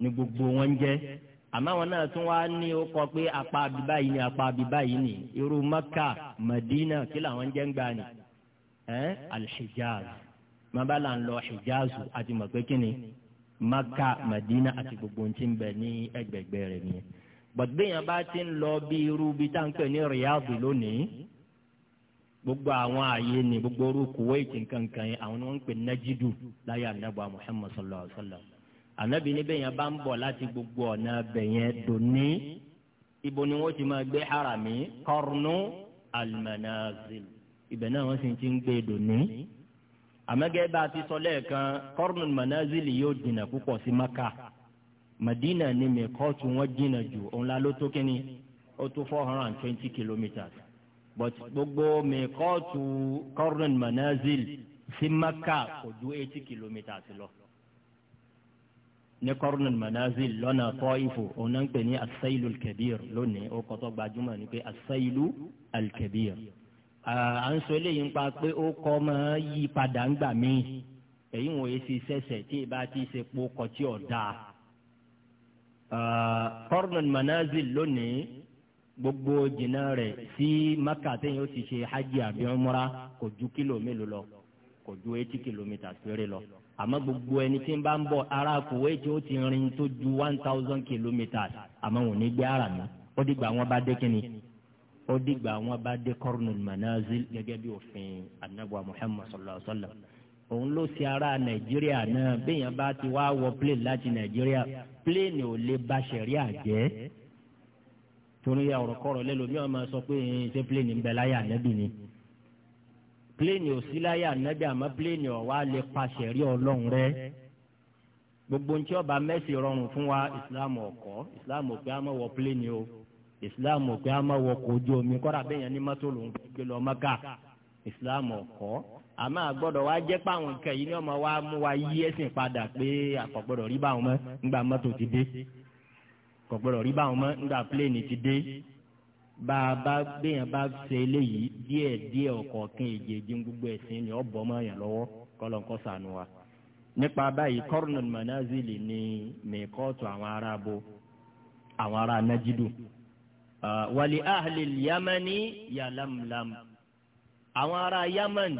ni gbogbo wọn jẹ́ àmọ́ àwọn náà tún wá ní ó kọ pé apá abibá yìí ni apá abibá yìí ni irú Maka Madina kí làwọn jẹ́ ń gbà ní al Eh? mabala ń lọ hijazu àti mọ̀ pé kíni maka madina àti gbogbo ohun tí ń bẹ ní ẹgbẹ̀gbẹ̀ rẹ̀ nìyẹn but béèyàn bá ti ń lọ bí irú bí tá ń pè ní riyadu lónìí gbogbo àwọn ààyè ni gbogbo orú kuwait nkankan yẹn àwọn ni wọn ń pè najidu láyé anabu muhammad sallallahu alaihi wa sallam anabi ni béèyàn bá ń bọ̀ láti gbogbo ọ̀nà bẹ̀yẹn dòní ibo ni wọ́n ti máa gbé harami kọ́rùnú almanazil ibẹ̀ náà wọ́n sì ti ń gbé dòní àmọ́gẹ́ bá a ti sọ lẹ́ẹ̀kan kọ́rùnún manazili yóò jìnnà púpọ̀ sí maka madina ni mi kóòtù wọn jìnnà jù òun la ló tó kínní ó tó four hundred and twenty kilometres but gbogbo mi kóòtù kọ́rùnún manazili sí maka kò ju eighty kilometres lọ ní kọ́rùnún manazili lọ́nà Taifu òun náà ń pè ní asailu alkebir lónìí ó kọ́tọ́ gbajúmọ̀ ní pé asailu alkebir. Al à ń sọ eléyìí ń pa pé ó kọ́ máa yí padà ń gbà mí èyí wọ̀nyí ti sẹ̀sẹ̀ tí ìbá ti ṣe po ọkọ̀ tí ò dáa. Qarnul Manazil lónìí gbogbo jìnnà rẹ̀ sí Maka téèyàn ó ti ṣe hajj àbí kò ju kílò mélòó lọ kò ju eighty kilometres péré lọ àmọ́ gbogbo ẹni tí ń bá ń bọ̀ ara Kuwait tí ó ti rin tó ju one thousand kilometres àmọ́ wọn ò ní gbé ara mi ó dìgbà wọn bá dé kínni ó dìgbà àwọn bá dé kọ́rùnù manazil gẹ́gẹ́ bí òfin anabuwa muhammad sallallahu alayhi wa sallam òun ló ṣe ara nàìjíríà náà béèyàn bá ti wá wọ plane láti nàìjíríà plane ò lè ba ṣẹ̀ríà jẹ́ torí ọ̀rọ̀ kọ̀rọ̀ lẹ́lòmíràn máa sọ pé ṣé plane ń bẹ láyé ànábì ni pléènì ò sí láyé ànábì àmọ́ pléènì ọ̀wá lè paṣẹ rí ọlọ́run rẹ gbogbo ntí ọba mẹ́sì rọrùn fún wa islam ọ̀kọ́ islam òpè àmọ́ wọ pléènì o islam pé a máa wọkọ̀ ojú omi kọ́ra bẹ́ẹ̀ yẹn ní mọ́tò lòún gbé lọ mọ́kà islam ọ̀kọ́ àmọ́ àgbọ́dọ̀ wá jẹ́ páwọn nǹkan yìí ni ọmọ wa mú wa yí ẹ̀sìn padà pé àkọ́gbọ́dọ̀ rí báwọn mọ́ nígbà mọ́tò ti dé kọ̀gbọ́dọ̀ rí báwọn mọ́ nígbà pléènì ti dé bá a bá béèyàn bá ṣe eléyìí díẹ̀ díẹ̀ ọ̀kọ̀ọ̀kan èjèèjì gbogbo ẹ̀sìn ni ọ̀bọ̀ mọ́ yàn lọ́wọ́ kọ́lọ̀ nǹkan sànù wa. nípa báyìí kọ́rùnà manazili ni mẹ́kọ́ọ̀tù àwọn ará abo àwọn ará najidu Ah, wàlí ahli yamani yalamlam àwọn ará yaman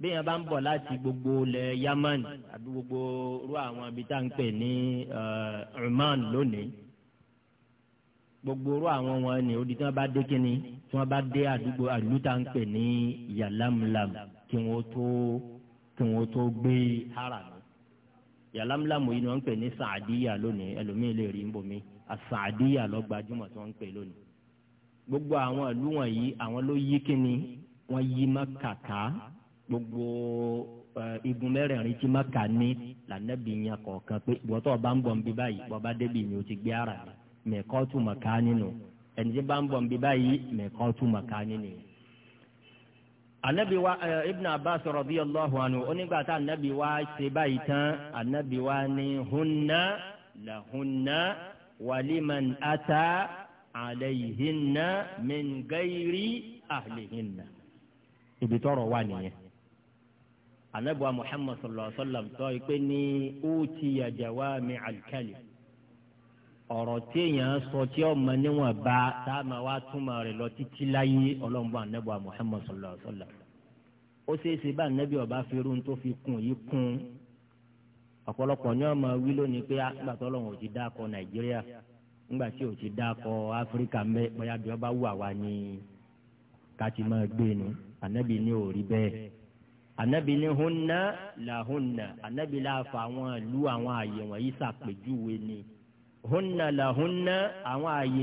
bí yẹn bá ń bọ̀ láti gbogbo ilẹ̀ yaman àbí gbogbo irú àwọn ibi tá à ń pè ní ah, Oman lónìí gbogbo irú àwọn wọn ni odi tí wọn bá dé kíni tí wọn bá dé àdúgbò àdúgbò tá à ń pè ní yalamlam kí wọn tó kí wọn tó gbé haram yalamlam yìí ni wọn ń pè ní Saadiya lónìí ẹlòmíì lè rí nbomi àsàdíyà ló gbajúmọ̀ tí wọ́n ń pè lónìí gbogbo àwọn ìlú wọ̀nyí àwọn ló yí kíni wọ́n yí Mákà ká gbogbo igun mẹ́rẹ̀ẹ̀rin tí Mákà ní lànàbí yẹn kọ̀ọ̀kan pé ìwọ́tọ̀ bá ń bọ̀ ń bí báyìí bọ́ba débi ni o ti gbé ara rẹ̀ mẹ́kọ́tù màkà nínú ẹni tí bá ń bọ̀ ń bí báyìí mẹ́kọ́tù màkà nínú. anabi wa Ibn Abbas radiyallahu anhu onígbà tá anabi wa ṣe báyìí tán anabi wa ní hunna lahunna wàlímàn ata àlẹyìhìnà mẹngẹyìrì àlẹyìhìnà ibi tọrọ wà nìyẹn anabuwa muhammad sallallahu alaihi wa sallam tọ́ ẹ pé ní ó ti yàjàwá mi alikali ọ̀rọ̀ tí èèyàn sọ tí ọmọ níwọ̀n bá tá a máa wá túmọ̀ rẹ̀ lọ títí láyé anabuwa muhammad sallallahu alaihi wa sallam ó ṣeé ṣe bá anabi ọba fi irun tó fi kún yìí kún ọ̀pọ̀lọpọ̀ ní ọmọ wí lónìí pé ah, nígbà tó lọ́wọ́ ò ti dákọ nàìjíríà nígbà tí ò ti dákọ áfíríkà mbẹ bóyá bí wọ́n bá wà wá ní ká ti máa gbé nu ànábì ní ò rí bẹ́ẹ̀ ànábì ní hunna là hunna ànábì là fa àwọn ìlú àwọn àyè wọ̀nyí ṣàpèjúwe ni hunna là hunna àwọn àyè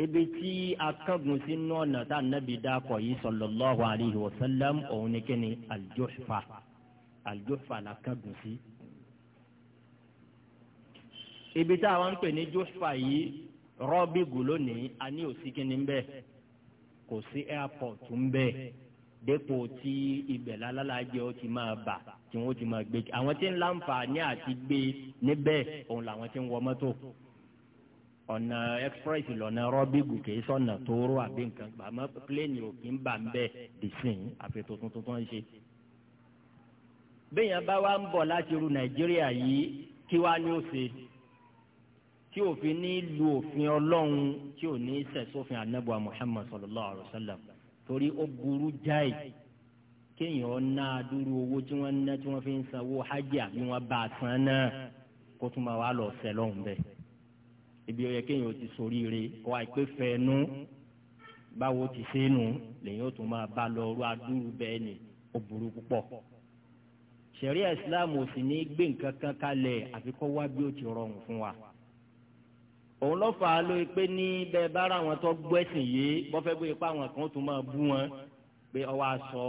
ibi tí akẹ́gùn sínú ọ̀nà tá a nàbì dákọ̀ yìí sallallahu alayhi wa sallam òun ni kíni aljuhfa aljuhfa la kẹ́gùn sí. ibi tá a wá ń pè ní juhfa yìí rọ́bì gùló ní a ní òsì kíni ń bẹ kò sí airport ń bẹ dépò tí ibẹ̀ lálálàjẹ́ ó ti máa bà tí wọ́n ti máa gbé àwọn tí ń láǹfààní àti gbé níbẹ̀ òun làwọn tí ń wọ mọ́tò ọ̀nà express lọ́nà rọ́bìgù kì í sọ̀nà tóóró àbí nǹkan gbàmọ́ pléènì ò kì í bà ń bẹ́ẹ̀ dìsìn àfètò tuntun tó ń ṣe. béèyàn bá wá ń bọ̀ láti ru nàìjíríà yìí kí wá ní ó tí òfin ní lu òfin ọlọ́run tí ò ní sẹ̀sófin anábọ̀ muhammad sallallahu alayhi wa sallam torí ó burú jáì kéèyàn ná dúró owó tí wọ́n ná tí wọ́n fi ń sanwó hajj àbí wọ́n bá a san náà kó tún máa wá lọ sẹ́lọ́hún bẹ́ẹ̀ ibi ọyẹ kéèyàn ó ti soríire kọ àìpé fẹẹnu báwo ti sẹnu lèyìn ó máa bá lọ ọrọ adúrú bẹ́ẹ̀ ni ó burú púpọ̀ ṣẹ̀ríà ìsìláàmù ò sì ní gbé nǹkan kan kalẹ̀ àfi kó wá bí ó ti rọrùn fún wa òun ló fà á ló pé ní bẹ́ẹ̀ bára àwọn tó gbọ́ ẹ̀sìn yìí bọ́fẹ́ bóyá pé àwọn kan tún máa bú wọn pé ọwọ́ aṣọ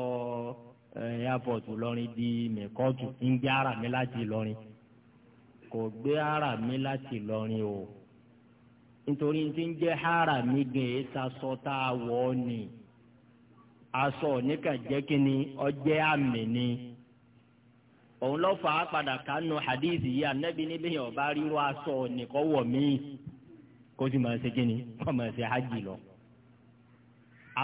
airport lọ́rin di mẹ́kọ́ọ̀tù ń gbé ara mi láti lọ́rin kò gbé ara mi láti lọ́rin o nítorí tí ń jẹ́ hara mi gan ẹ̀ sasọ tá a wọ̀ ọ́ ni aṣọ oníkà jẹ́ kínní ọjẹ́ àmì ni òun lọ fà á padà kánú hadith yìí anabi níbi yẹn ọba ríro aṣọ nìkan wọ̀ mí kó sì máa ṣe kínní kó máa ṣe hajj lọ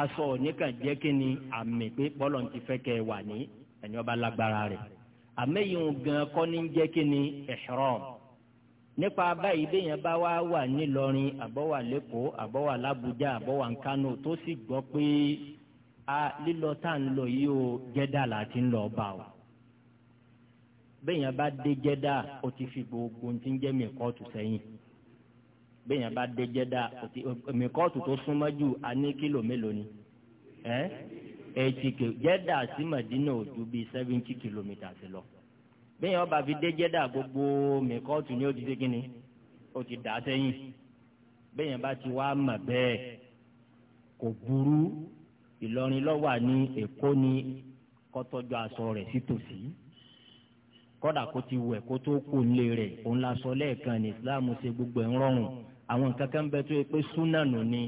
aṣọ oníkà jẹ́ kínní àmì pé bọ́lọ̀ ti fẹ́ kẹ́ ẹ wà ní ẹni ọba lágbára rẹ̀ àmẹ́yìn gan kọ́ ní jẹ́ kínní ihram nípa báyìí béèyàn bá wá wà nílọrin àbọ̀wà lẹ́kọ̀ọ́ àbọ̀wà làbújá àbọ̀wà nkánò tó sì gbọ́ pé a lílọ tá à ń lọ yìí ó jẹ́dà láti ń lọ bá o béèyàn bá dé jẹ́dà ó ti fi gbogbo ti ń jẹ́ mẹ́kọ́ọ̀tù sẹ́yìn béèyàn bá dé jẹ́dà mẹ́kọ́ọ̀tù tó súnmọ́ jù a ní kílò mélòó ni ẹ́ eh? eighty kilo jẹ́dà sí Màdínà ò ju bíi seventy kilometres lọ bẹ́ẹ̀ ọba fi dé jẹ́dà gbogbo mẹ́kọ́ọ̀tù ni ó ti ṣe kínni ó ti dà sẹ́yìn bẹ́ẹ̀ yẹn bá ti wá mà bẹ́ẹ̀ kò burú ìlọrin lọ́wọ́ ní èkó ni kọ́tọ́jú aṣọ rẹ̀ sítòsí kọ́dà kó ti wẹ̀ kó tó kù nílé rẹ̀ òun la sọ lẹ́ẹ̀kan ní ìsìláàmù ṣe gbogbo ẹ̀ ń rọrùn àwọn nǹkan kan bẹ tó yẹ pé súnà ni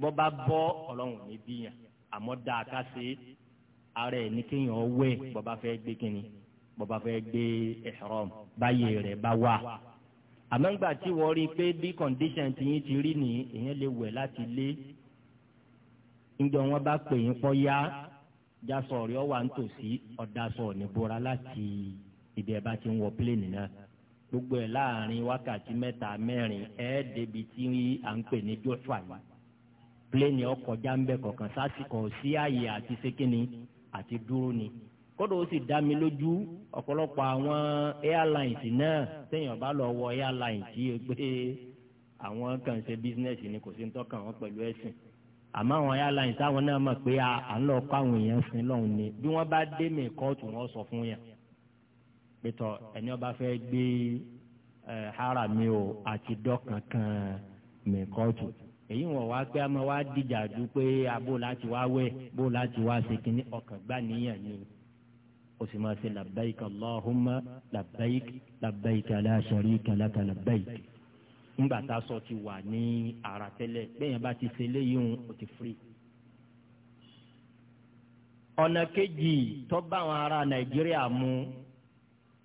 bọ́ bá bọ́ ọlọ́run níbí yẹn àmọ́ dáa ká ṣe ara ẹ̀ ní kéèyàn ọwẹ́ bọ́ bá fẹ́ gbé kínni bọ́ba fẹ́ gbé ihram báyé rẹ̀ bá wà. àmọ́ ńgbà tí wọ́n rí i pé bí condition ti yín ti rí nìyí èèyàn lè wẹ̀ láti lé. ńjọ wọn bá pè yín pọ́ yá jásọ ọ̀rẹ́ ọ̀wà nítòsí ọ̀dàsọ ọ̀nìbora láti ibi ẹ̀ bá ti ń wọ pílẹ̀nì náà. gbogbo ẹ̀ láàrin wákàtí mẹ́ta mẹ́rin ẹ̀ débi tí à ń pè ní joshua yìí. pílẹ̀nì ọkọ̀ jáǹbẹ̀ kọ̀ọ̀kan sásìkò sí àyè àti sékìní àti dúró ni. Joshua, kódà ó sì dá mi lójú ọ̀pọ̀lọpọ̀ àwọn airlines náà téèyàn bá lọ wọ airlines yìí pé àwọn kan ṣe business ni kò sí ń tọ́kàn wọn pẹ̀lú ẹ̀sìn àmọ́ àwọn airlines táwọn náà mọ̀ pé à ń lọ kọ́ àwọn èèyàn sin lọ́hùn ni bí wọ́n bá dé mi kóòtù wọn sọ fún yàn pétọ́ ẹni ọba fẹ́ gbé hara mi o àti dọ́kan kan mi kóòtù èyí wọn wá pé àmọ́ wá dìjà ju pé abó láti wá wẹ̀ bó láti wá ṣe kínní ọkàn gbà níyàn ni. Wa ó sì máa ṣe labbaik allahumma labbaik labbaik la sharika laka labbaik ńgbà tá a sọ ti wà ní ara tẹ́lẹ̀ bẹ́ẹ̀ yẹn bá ti ṣe léyìn o ti firi. ọ̀nà kejì tó bá àwọn ará nàìjíríà mu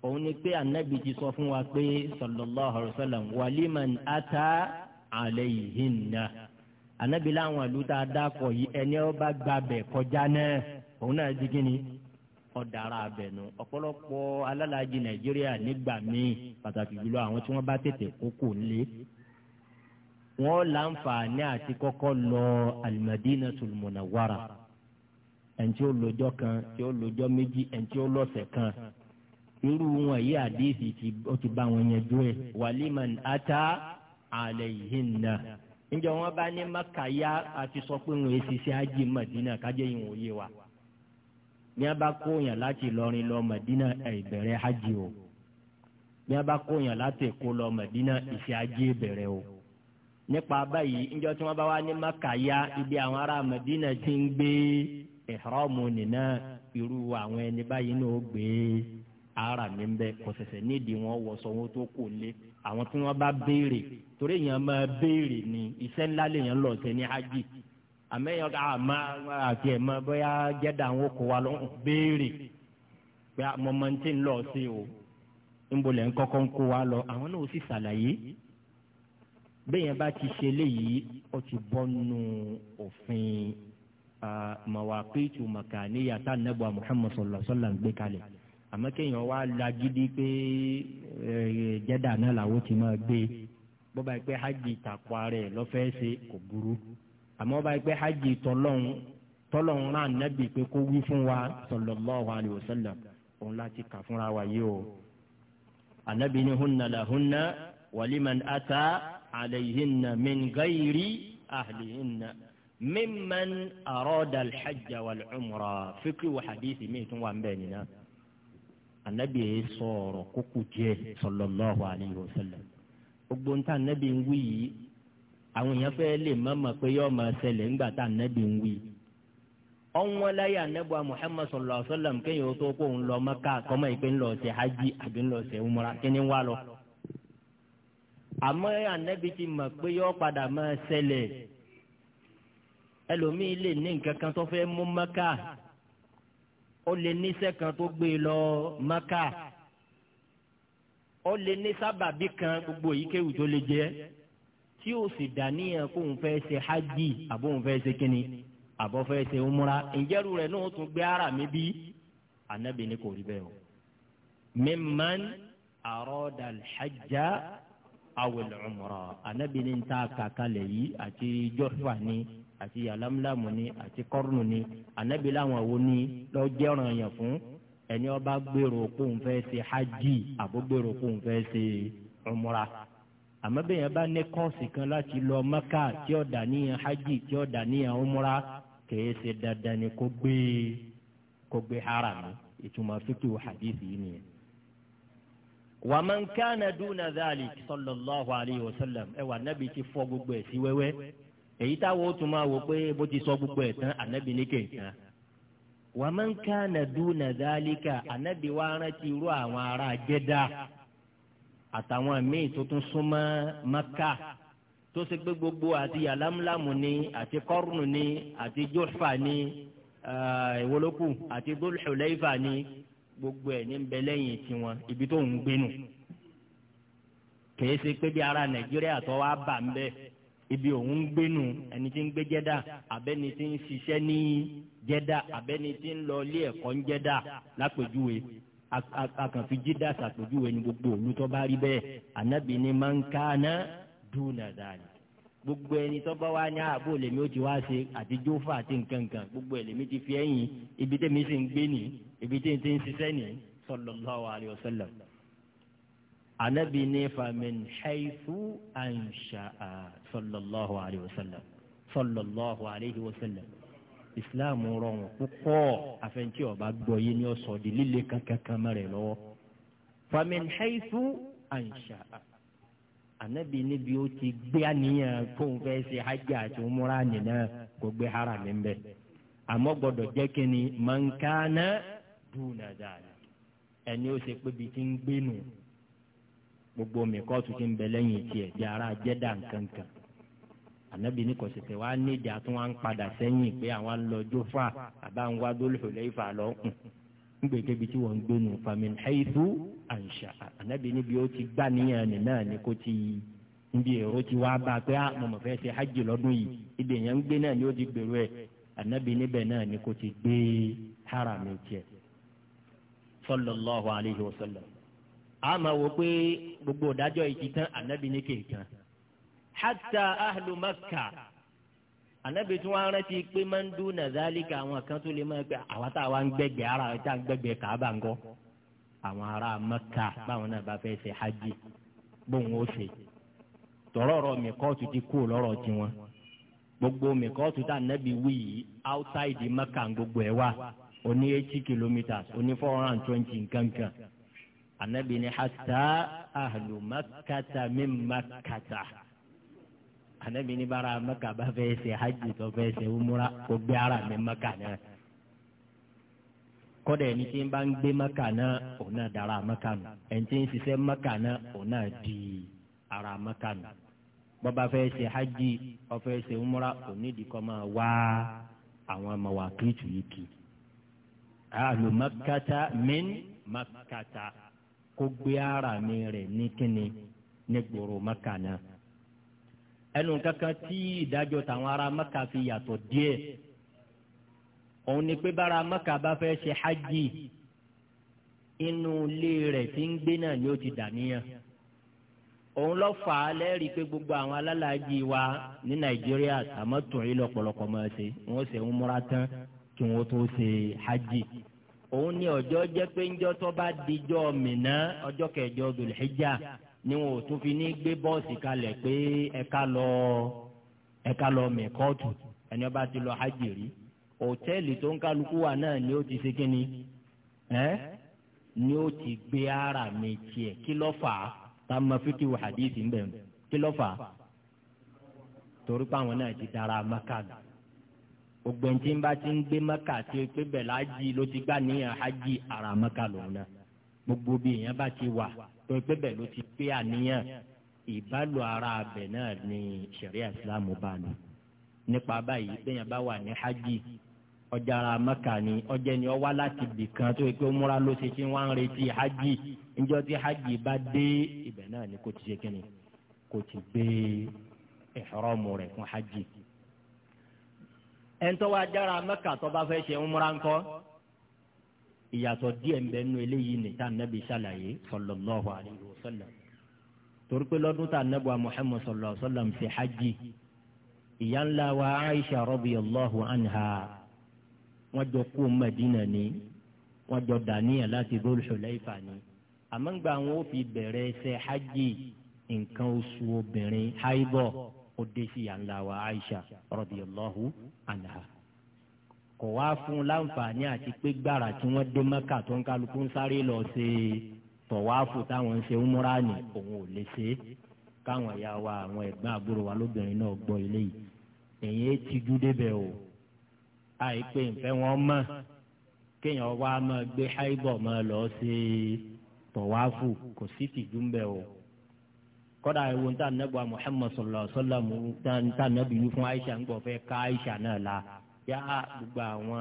òun ni pé anabi ti sọ fún wa pé sallallahu alayhi wa sallam waliman ata alayhinna anabi láwọn ìlú tá a dákọ̀ yìí ẹni ó gbàbẹ̀ kọjá náà òun náà di kí ni ọ̀dàrà abẹ̀nú ọ̀pọ̀lọpọ̀ alálàájì nàìjíríà nígbà míì pàtàkì jùlọ àwọn tí wọ́n bá tètè kókò lé wọ́n láǹfààní àti kọ́kọ́ lọ Al-Madinatul Munawwara ẹnití ó lọ́jọ́ kan tí ó lọ́jọ́ méjì ẹnití ó lọ́sẹ̀ kan irú wọn yìí àdéhìí tí ó ti bá wọn yanjú ẹ wàlímàn ata àlẹyìnà níjọ wọn bá ní makaya àti sọ pé wọn èsì sí ájì Madina kájẹ ìwòye wa. ní a bá kóyàn láti lọrin lọ Mẹdínà ìbẹ̀rẹ̀ hajj o ní a bá kóyàn láti lọ ajé o nípa báyìí tí wọ́n bá wá ní makaya ibi àwọn ará mọdina ti ń gbé ìhrọ́mù nìna irú àwọn ẹni báyìí ní gbé ara mi bẹ kò wọn wọn tó kò lé àwọn tí bá béèrè torí èèyàn máa béèrè àmẹ́yàn ká àmà àti ẹ̀mọ́ bóyá jẹ́dá àwọn okò wa ló ń béèrè pé mọ̀mọ́ tí ń lọ sí o ńbọ̀lẹ̀ ń kọ́kọ́ ń kó wa lọ àwọn náà ó sì ṣàlàyé bẹ́ẹ̀yẹn bá ti ṣe léyìí ó ti bọ́ nu òfin mawaqitu makaniya tá nẹ́bùa Muhammad sallallahu alaihi wasallam ń gbé kalẹ̀ àmọ́ kéèyàn wá lagídí pé jẹ́dá náà làwọn ti máa gbé bọ́ba ìpè hajj ìtàkùn ara ẹ̀ ṣe kò burú àmọ́ bá gbé hajj tọ́lọ́hún tọ́lọ́hún rán nábì pé kó wí fún wa sallallahu alayhi wa sallam òun láti kà fúnra wa yìí o. ànábì ní hunna lahunna waliman ata alayhinna min gayri ahlihinna mimman arada alhajj wal umra fíkì wa hadithi mi tún wà ń bẹ̀ nínú. ànábì yìí sọ̀rọ̀ kókò jẹ́ sallallahu alayhi wa sallam. ń wí yìí. àwọn èèyàn fẹ́ lè má mọ̀ pé yọ́ọ́ máa ṣẹlẹ̀ ńgbà tá ànábì ń wí. láyé kéèyàn tó kó lọ ńlọ ṣe hajj àbí ńlọ ṣe umra wá lọ. àmọ́ ànábì ti mọ̀ pé yọ́ọ́ padà máa ṣẹlẹ̀ ẹlòmíì lè ní nǹkan kan tó fẹ́ mú ó e lọ ó lè ní sábàbí kan gbogbo tó tí ó sì dàníyàn kó òun fẹ́ ṣe hajj àbó òun fẹ́ ṣe kínní àbọ̀ fẹ́ ṣe umra ìjẹ́rù rẹ̀ náà tún gbé ara mi bí anabi ni kò rí bẹ́ẹ̀ o. mimman arada alhajja awil umra anabi ni ta kàkálẹ̀ yìí àti jọ́fà ni àti alámúlámù ni àti kọ́rùnù ni anabi làwọn wo ni lọ́ọ́ yẹn fún ẹni ó gbèrò kó òun fẹ́ ṣe hajj àbó gbèrò kó òun fẹ́ ṣe umra àmọ́ bẹ́ẹ̀ yẹn bá ní kọ́ọ̀sì kan láti lọ mẹ́kà tí ó dà níyàn hajj tí ó dà níyàn umra kìí ṣe dandan ni kó gbé kó gbé haramu ìtumọ̀ fíkì wò hadith yìí nìyẹn. wa man kana duna dhalik sallallahu alayhi wa sallam ẹ wà nábì ti fọ́ gbogbo ẹ̀ sí wẹ́wẹ́ èyí táwọn ó tún máa wò pé bó ti sọ gbogbo ẹ̀ tán ànábì ní kéèyàn wa man kana duna dhalika ànábì wa rántí irú àwọn ará jẹ́dá àtàwọn míì tó tún súnmọ́ maka tó ṣe pé gbogbo àti yàlámùlámù ni àti kọ́rùnù ni àti jọ́fà ni ìwolókù eh, àti dúlùxùlẹ́fà ni gbogbo ẹ̀ ní bẹ lẹ́yìn tiwọn ibi tó ń gbénu kìí ṣe pé bí ara nàìjíríà tó wá bà ń bẹ ibi òun ń gbénu ẹni tí ń gbé jẹ́dá abẹ́ni tí ń ṣiṣẹ́ ní jẹ́dá abẹ́ni tí ń lọ ilé ẹ̀kọ́ ń jẹ́dá lápèjúwe akànfi jídá sàpèjúwe ní gbogbo òlu tó bá rí bẹ́ẹ̀ ànábì ni máa ń ká ná dúnà dáàlì gbogbo ẹni tó bá wá ní ààbò lèmi ó ti wá ṣe àti jófà àti nkankan gbogbo ẹlẹ́mi ti fi ẹ̀yìn ibi tẹ́mi sì ń gbé nì ibi tẹ́mi ti ń ṣiṣẹ́ nì sallallahu alaihi wasallam. ànábì ni famin haythu ansha'a sallallahu alaihi wasallam sallallahu alaihi wasallam. islam rọrùn púpọ̀ àfẹnjí ọba gbọ́ yé ní ọ̀sọ̀ di líle kankan mẹ́rẹ̀ lọ́wọ́. famin haythu ansha anabi níbi ó ti gbé àníyàn fóun fẹ́ ṣe hajj àti umra nìna kò gbé haram níbẹ̀ àmọ́ gbọ́dọ̀ ni mankana dùnà dáadáa ẹni ó ṣe pé bíi ti ń gbénu gbogbo mi kóòtù ti ń bẹ lẹ́yìn nkankan ànábì ní kò sì tẹ̀ wá níjà tí wọ́n ń padà sẹ́yìn pé àwọn ń lọ jófà àbá ń wá Dhul Hulayfa lọ́kùn gbẹ̀gẹ́bi tí wọ́n ń gbénu famin haythu àǹṣà ànábì níbi ó ti gbà níyàn ní náà ni kò ti níbi èrò ti wá bá a pé àwọn ah, ọmọ fẹ́ ṣe hajj lọ́dún yìí ibi èèyàn ń gbé náà ni ó ti gbèrú ẹ̀ ànábì níbẹ̀ náà ni kò ti gbé haram tiẹ̀ sallallahu alayhi wa sallam àmọ́ wo pé gbogbo ìdájọ́ yìí hatta ahlu makka anabi tí wọn rántí pé máa ń dún nàzálíkà àwọn kan tó lè máa gbé àwọn tá a wá ń gbẹgbẹ ara àwọn tá a ń gbẹgbẹ kàábà ńkọ́ àwọn ará mẹ́kà báwọn náà bá fẹ́ ṣe hajj bóun ó ṣe tọrọrọ mẹkọọtù ti kú lọ́rọ̀ tiwọn gbogbo mẹkọọtù tá anabi wí yìí outside mẹ́kà gbogbo ẹ wá oní eighty kilometres oní four hundred and twenty nkankan anabi ni hatta ahlu makkata min makkata anabi ní bára mẹ́kà bá fẹ́ ṣe hajj tó fẹ́ ṣe umura kó gbé ara mi mẹ́kà náà kódà ẹni tí ń bá ń gbé mẹ́kà náà òun náà dára mẹ́kà nù ẹni tí ń ṣiṣẹ́ mẹ́kà náà òun náà di ara mẹ́kà nù bọ́ba fẹ́ ṣe hajj ó fẹ́ ṣe umura òun nídìí kọ́ máa wá àwọn mawakiritu yìí kì í ahlu makkata min makkata kó gbé ara mi rẹ̀ ní kíni ní gbòòrò mẹ́kà náà. ẹnu kankan tí ìdájọ́ tàwọn ará mẹ́ka fi yàtọ̀ díẹ̀ òun ni pé bára mẹ́ka bá fẹ́ ṣe hajj inú ilé rẹ̀ tí ni ó ti dà níyàn òun lọ fà á lẹ́rìí pé gbogbo àwọn alálàájì wa ní nàìjíríà sàmọ́tòrin lọ́pọ̀lọpọ̀ máa ṣe wọ́n ṣe ń múra tán kí wọ́n tó ṣe hajj òun ni ọjọ́ jẹ́ pé ńjọ́ tó bá dijọ́ mìíràn ọjọ́ kẹjọ ni wọn ò tún fi ní gbé bọ́ọ̀sì kalẹ̀ pé ẹ̀ka lọ ẹ̀ka lọ mẹ́kọ́ọ̀tù ẹni ọba ti lọ hajj rí òtẹ́ẹ̀lì tó ń kálukú wa náà ni ó ti ṣe kíni ẹ́ ni ó ti gbé ara mi tiẹ̀ kí ló fà á tá a máa fi kí hadith ń bẹ̀ kí ló fà á torí pé àwọn náà ti dára maka nù ògbẹ̀ntì ti ń gbé maka tí pé bẹ̀rẹ̀ hajj ló ti gbà níyàn hajj ara maka lòun náà gbogbo bí èèyàn bá ti wà tó ẹgbẹ́ bẹ̀ ló ti pé àníyàn ìbálò ara abẹ̀ náà ni ṣẹ̀ríà Islam bá lò nípa báyìí bẹ́yàn bá wà ní hajj ọjà ara mẹ́ka ni ọjà ni ọ wá láti bì kan tó ẹgbẹ́ múra ló ṣe tí wọ́n ń retí hajj níjọ́ tí hajj bá dé ibẹ̀ náà ni kò ti ṣe kínni kò ti gbé ìhọ́rọ́mù rẹ̀ fún hajj ẹ̀ńtọ́ wa jára mẹ́ka tó bá fẹ́ ṣe ń múra ńkọ́ ìyàtọ̀ díẹ̀ ń bẹ nínú eléyìí ní tá ànábì ṣàlàyé sallallahu alayhi wa sallam torí pé lọ́dún tá ànábì wa Muhammad sallallahu alayhi wa sallam fi hajj ìyá ńlá wa Aisha radiyallahu anha wọ́n jọ kú Madina ni wọ́n jọ dàníyàn láti Dhul Hulayfa ni àmọ́ ń gba fi bẹ̀rẹ̀ ṣe hajj nǹkan oṣù obìnrin haibọ̀ ó dé sí ìyá ńlá wa Aisha radiyallahu anha kò wá fún láǹfààní àti pé gbàrà tí wọ́n dé mẹ́kà tó ń kálukú ń sáré lọ ṣe tọ̀wáfù táwọn ń ṣe umra ni òun ò lè ṣe é káwọn ìyá wa àwọn ẹ̀gbọ́n àbúrò wa lóbìnrin náà gbọ́ ilé yìí èyí ti ju débẹ̀ o àìpé nfẹ́ wọn mọ̀ kéèyàn wá máa gbé háìbọ̀ máa lọ ṣe tọ̀wáfù kò sí tìjú ń bẹ̀ o kọ́dà ewu ntànẹ́bù Muhammad sallallahu alaihi wasallam ntànẹ́bù yìí fún Aisha ń fẹ́ ká Aisha náà la yá gbogbo àwọn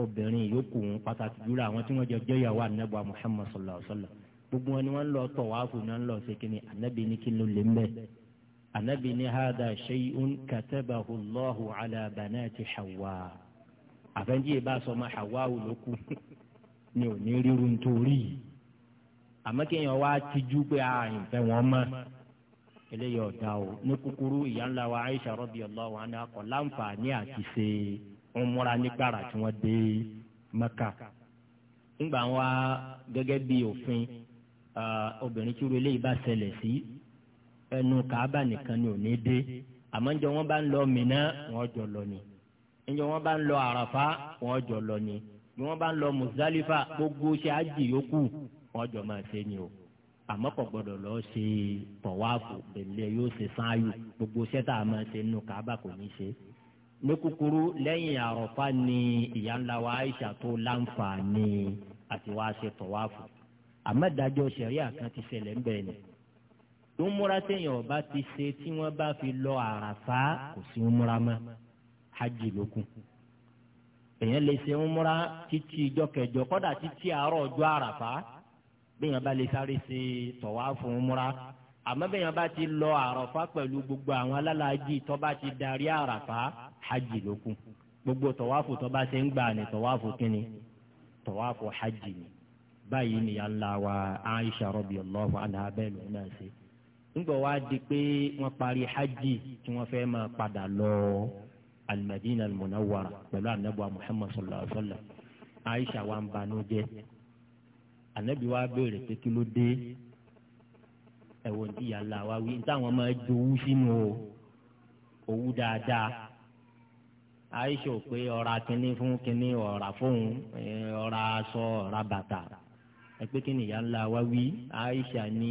obìnrin yòókù wọn pàtàkì jùlọ àwọn tí wọ́n jẹ jẹ́yàwó anabu muhammad sallallahu alaihi wa sallam gbogbo wọn ni wọ́n lọ tọ̀ wá fún náà lọ sí kíni anabi ní kí ló lè mbẹ́ anabi ní hada shay'un katabahu allahu ala banati hawa àfẹ́njí yìí bá sọ ma hawa wò ló ni ò ní rírun torí àmọ́ kéèyàn wá tijú pé àìfẹ́ ah, wọn mọ́ eléyìí ọ̀dà o ní kúkúrú ìyá ńlá wa Aisha radiyallahu anha kò láǹfààní àti ṣe umura nígbàrà tí wọ́n dé Mẹ́kà. ńgbà wa gẹ́gẹ́ bí òfin obìnrin tí wọlé yìí bá ṣẹlẹ̀ sí ẹnu Kaaba nìkan ni ò ní dé àmọ́ ǹjọ́ wọ́n bá ń lọ Mínà wọ́n jọ lọ ni ǹjọ́ wọ́n bá ń lọ Àràfá wọ́n jọ lọ ni bí wọ́n bá ń lọ Mùsálífà gbogbo ṣe àjì yòókù wọ́n jọ máa ṣe ni o àmọ́ kò gbọ́dọ̀ lọ ṣe tọ̀wáàfù pẹ̀lẹ́ yóò ṣe sáàyù gbogbo iṣẹ́ tá a máa ṣe nínú Kaaba kò ní ṣe. ní kúkúrú lẹ́yìn àròfá ni ìyá ńlá wa Aisha tó láǹfààní àti wá ṣe tọ̀wáàfù. àmọ́ ìdájọ́ ṣẹ̀ríà kan ti ṣẹlẹ̀ ń bẹ̀ ni. tó múra téèyàn ọba ti ṣe tí wọ́n bá fi lọ àràfá kò sí múra mọ́ hajj lókun. èèyàn lè ṣe múra títí ìjọ kẹjọ kọ́dà títí àárọ̀ ọjọ́ àràfá bẹ́ẹ̀ bá lè sáré ṣe tọ̀wá fún múra àmọ́ bẹ́ẹ̀ bá ti lọ àràfá pẹ̀lú gbogbo àwọn alálàájì tó bá ti darí àràfá hajj lókù gbogbo tọ̀wá fún tó bá ṣe ń gbà ní tọ̀wá fún kínní tọ̀wá fún hajj ni báyìí ni yàrá wa Aisha radiyallahu anha bẹ́ẹ̀ lòun náà ṣe ńgbọ̀ wá di pé wọ́n parí hajj tí wọ́n fẹ́ máa padà lọ al-Madina pẹ̀lú anabuwa Muhammad sallallahu alaihi wa sallam Aisha wa ń banú jẹ́ ànábì wa béèrè pé kí ló dé ẹ̀wọ̀n tí yàrá wa wí táwọn máa jowú sínú o owú dáadáa aisha ò pé ọ̀ra kínní fún kínní ọ̀ra fóun ọ̀ra aṣọ ọ̀ra bàtà ẹ pé kí ni yàrá wa wí aisha ní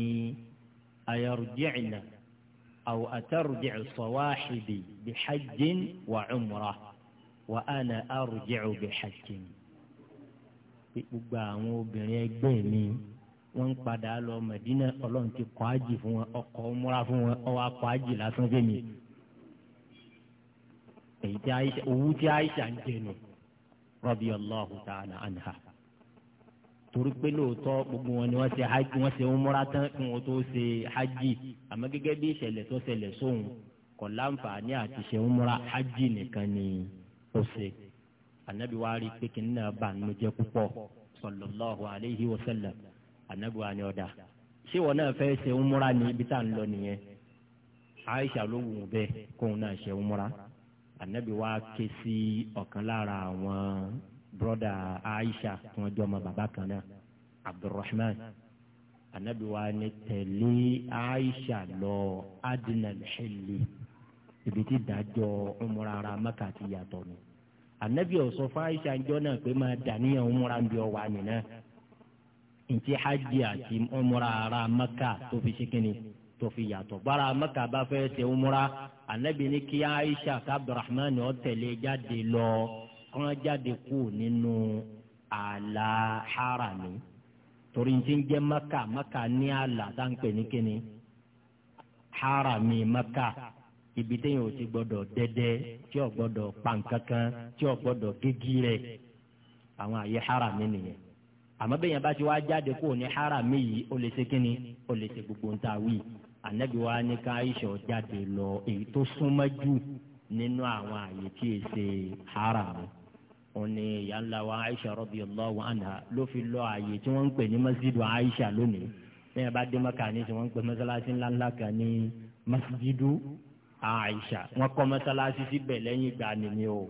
ayọ̀rùdíẹ̀nà àwọn àtẹ̀rùdíẹ̀ sọ̀wáhìbì bí hajjin wà umrah wà á na àrùdíẹ̀ bí pé gbogbo àwọn obìnrin ẹgbẹ́ mi wọ́n ń padà lọ Mẹ̀dínà ọlọ́run ti kọ́ àjì fún wọn ọkọ̀ múra fún wọn ọwọ́ akọ àjì lásán fẹ́mi. èyí tí Aisha owó tí Aisha ń jẹnu radiyallahu ta'ala anha torí pé lóòótọ́ gbogbo wọn ni wọ́n ṣe hajj wọ́n ṣe umura tán kí wọ́n tó ṣe hajj àmọ́ gẹ́gẹ́ bí ìṣẹ̀lẹ̀ tó ṣẹlẹ̀ sóhun kò láǹfààní àti ṣe umura hajj nìkan ni ó ṣe anabi wa rí i pé kìnnì náà bá nínú jẹ́ púpọ̀ sallallahu alayhi wa sallam anabi wa ni ọ̀dà ṣé wọn náà fẹ́ ṣe umra ní ibi tá à ń lọ nìyẹn aisha ló wù ú bẹ́ẹ̀ kóun náà ṣe umra anabi wa ké sí ọ̀kan lára àwọn broda aisha tí wọ́n jọ ọmọ bàbá kan náà abdulrahman anabi wa ni tẹ̀lé aisha lọ adinal ibi tí dájọ́ umra ara maka ti yàtọ̀ nù anabi ọsọ fáyísà ńjọ náà pé máa dàníyàn múra ń bí ọwọ àmìnà ntí hajj àti múra ara maka tó fi ṣe kínní tó fi yàtọ̀ bára maka bá fẹ́ ṣe múra anabi ní kí aisha abdulrahman ó jáde lọ kán jáde kú nínú ààlà harami torí ntí ń jẹ́ maka maka ní ààlà tá ń pè ní kínní harami maka ibi téèyàn ò ti gbọ́dọ̀ dẹ́dẹ́ tí ò gbọ́dọ̀ pankankan tí ò gbọ́dọ̀ gégi rẹ̀ àwọn àyè harami nìyẹn àmọ́ bẹ́ẹ̀ yẹn bá ti wá jáde kó o ní harami yìí o lè ṣe kínni o lè ṣe gbogbo ń ta wí ànábi wa ní ká Aisha jáde lọ èyí tó súnmọ́ jù nínú àwọn àyè tí e ṣe harami òun ni ìyá wa Aisha radiyallahu anha ló fi lọ àyè tí wọ́n ń pè ní masjidu Aisha lónìí bẹ́ẹ̀ yẹn bá dé mọ́kà ní tí wọ́n ń pè mọ́sálásí ńláńlá kan masjidu Aisha wọn kọ́ mọ́sálásí síbẹ̀ lẹ́yìn ìgbà nìyí o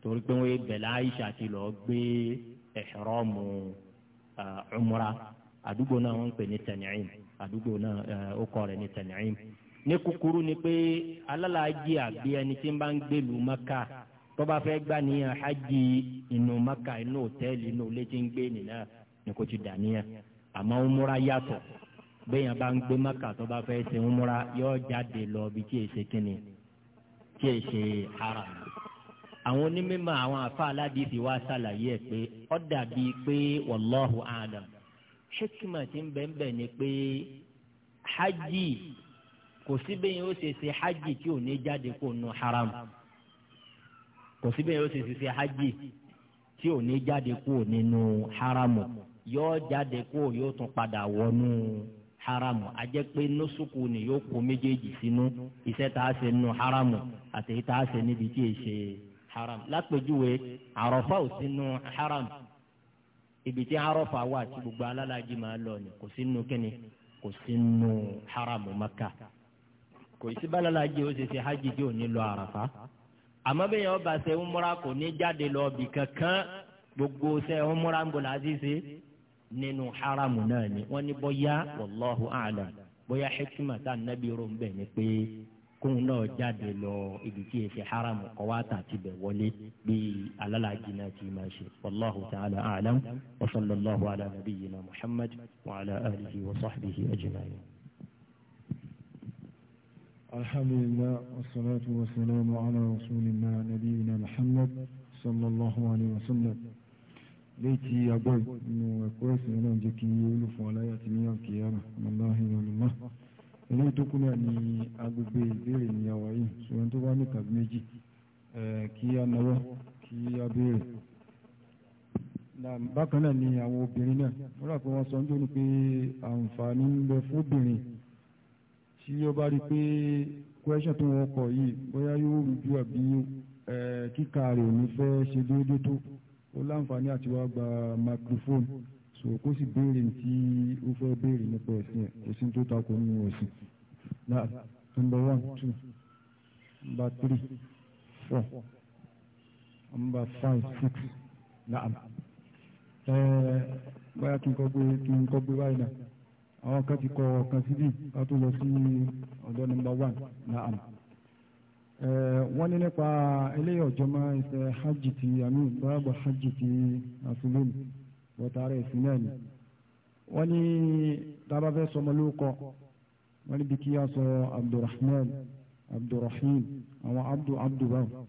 torí pé wọ́n yé Aisha ti lọ gbé ihramu umra àdúgbò náà wọ́n ń pè ní Tan'im àdúgbò náà ó kọ́ rẹ̀ ní Tan'im ní kúkúrú ni pé alálàájì àbí ẹni tí ń bá ń gbèlú Maka tó bá fẹ́ gbà níyàn hajj inú Maka inú hòtẹ́ẹ̀lì inú ilé tí ń gbé nìyà ni kò ti dà níyà àmọ́ umra yàtọ̀ bẹ́yàn bá ń gbé maka tó bá fẹ́ ṣe ń múra yóò jáde lọ bí tí èsè kínni tí èsè ara àwọn onímọ̀ àwọn àfa aládìsí wa ṣàlàyé ẹ̀ pé ó dàbí pé wallahu a'lam ṣékìmọ̀ ti ń bẹ́ẹ̀ ni pé hajj kò sí ó ṣe ṣe hajj tí ò ní jáde kó nu haram kò sí ó ṣe ṣe haramu yóò jáde kó yóò tún padà haramu ajẹ́ pé nósùkù ni yóò kó méjèèjì sínú iṣẹ́ tá a ṣe nínú haramu àti èyí tá a ṣe níbi tí èyí ṣe haramu. lápèjúwe àròfà ò sínú haramu ibi tí àròfà wà tí gbogbo alálàájì máa lọ ni kò sínú kíni kò sínú haramu maka kò sí balálàájì ó ṣe ṣe hajj tí ò ní lọ àràfà àmọ́ bẹ́ẹ̀ yẹn ọba ṣe ń múra kò ní jáde lọ bì kankan gbogbo ṣe ń múra ń bọ̀ láti ṣe nínú haramu náà ni wọ́n ní bọ́yá wallahu a'lam bọ́yá hikima tá nàbí rome bẹ́ẹ̀ ni pé kóun náà jáde lọ ibi tí èsì haramu kọ́ wá tà ti bẹ̀ wọlé bí alálàájì náà ti máa ṣe wallahu ta'ala a'lam wa sallallahu ala nabiyyina muhammad wa ala alihi wa sahbihi ajma'in. الحمد لله والصلاة والسلام على رسول الله نبينا محمد صلى الله عليه وسلم létí agbọ́ nínú ẹ̀kọ́ ẹ̀sìn náà jẹ́ kí ti ní àkíyà ọmọláhìn olùmọ́ ilé tó kú náà ní agbègbè ìbéèrè ìyàwó yìí ṣùgbọ́n tó meji ní tàbí méjì abere. a náwó kí a béèrè bákan ni àwọn obìnrin náà wọ́n rà pé wọ́n sọ nítorí pé àǹfààní ń bẹ fóbìnrin tí ó láǹfààní àti wá gba microphone so kó sì béèrè tí ó fẹ́ béèrè nípa ẹ̀sìn ẹ̀ kò sí tó takò nínú ẹ̀sìn. náà number one two number three four number five six náà ẹ̀ẹ́ báyà kí n kọ́ gbé kí n kọ́ gbé báyìí náà àwọn kan ti kọ ọ̀kan síbí ká tó lọ sí ọ̀dọ́ number one náà. Eh, wọ́n ní nípa eléyìí ọ̀jọ́ máa ń ṣe hajj ti àmì báàbò hajj ti àfúlùmí bọ́tàrà ìsìn náà ni wọ́n ní dábà fẹ́ sọmọ lóko wọ́n níbi kí a sọ abdulrahman abdulrahim àwọn abdu abdu báwọn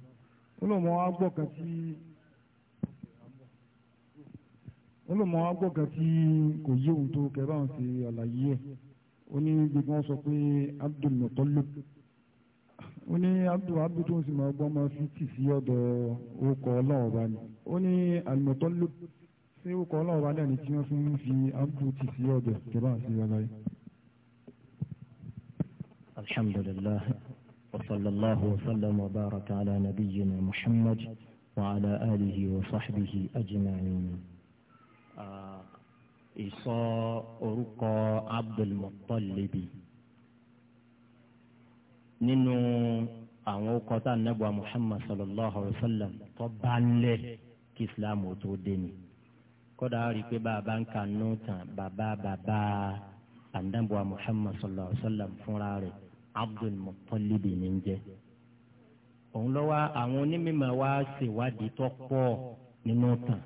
olùmọ̀ agbọ́ kan tí olùmọ̀ kò yé òun tó kẹ́ báwọn ṣe àlàyé ẹ̀ ó ní gbogbo wọn sọ pé abdul mutallib ó ní abdu abdu tó ń sì máa gbọ́ máa fi tì sí ọ̀dọ̀ orúkọ ọlọ́run ọba ni ó ní àlùmọ̀tọ́ ló ṣé orúkọ ọlọ́run ọba náà ni tí wọ́n fi ń fi abdu tì sí ọ̀dọ̀ ìjọba àti ọ̀la yìí. alhamdulillah wa sallallahu wa sallam wa baraka ala nabiyyina muhammad wa ala alihi wa sahbihi ajma'in. Ah, ìsọ orúkọ abdulmutalibi nínú àwọn ọkọ tá nàbọ Muhammad sallallahu alayhi wa sallam tó bá lẹ kí islam ó tó dé ni kódà á rí i pé bàbá ń ka nù tán bàbá bàbá àdàbọ Muhammad sallallahu alayhi wa sallam fúnra rẹ̀ Abdul Muttalib ní ń jẹ òun lọ wá àwọn onímọ̀ wa ṣèwádìí tó pọ̀ nínú tán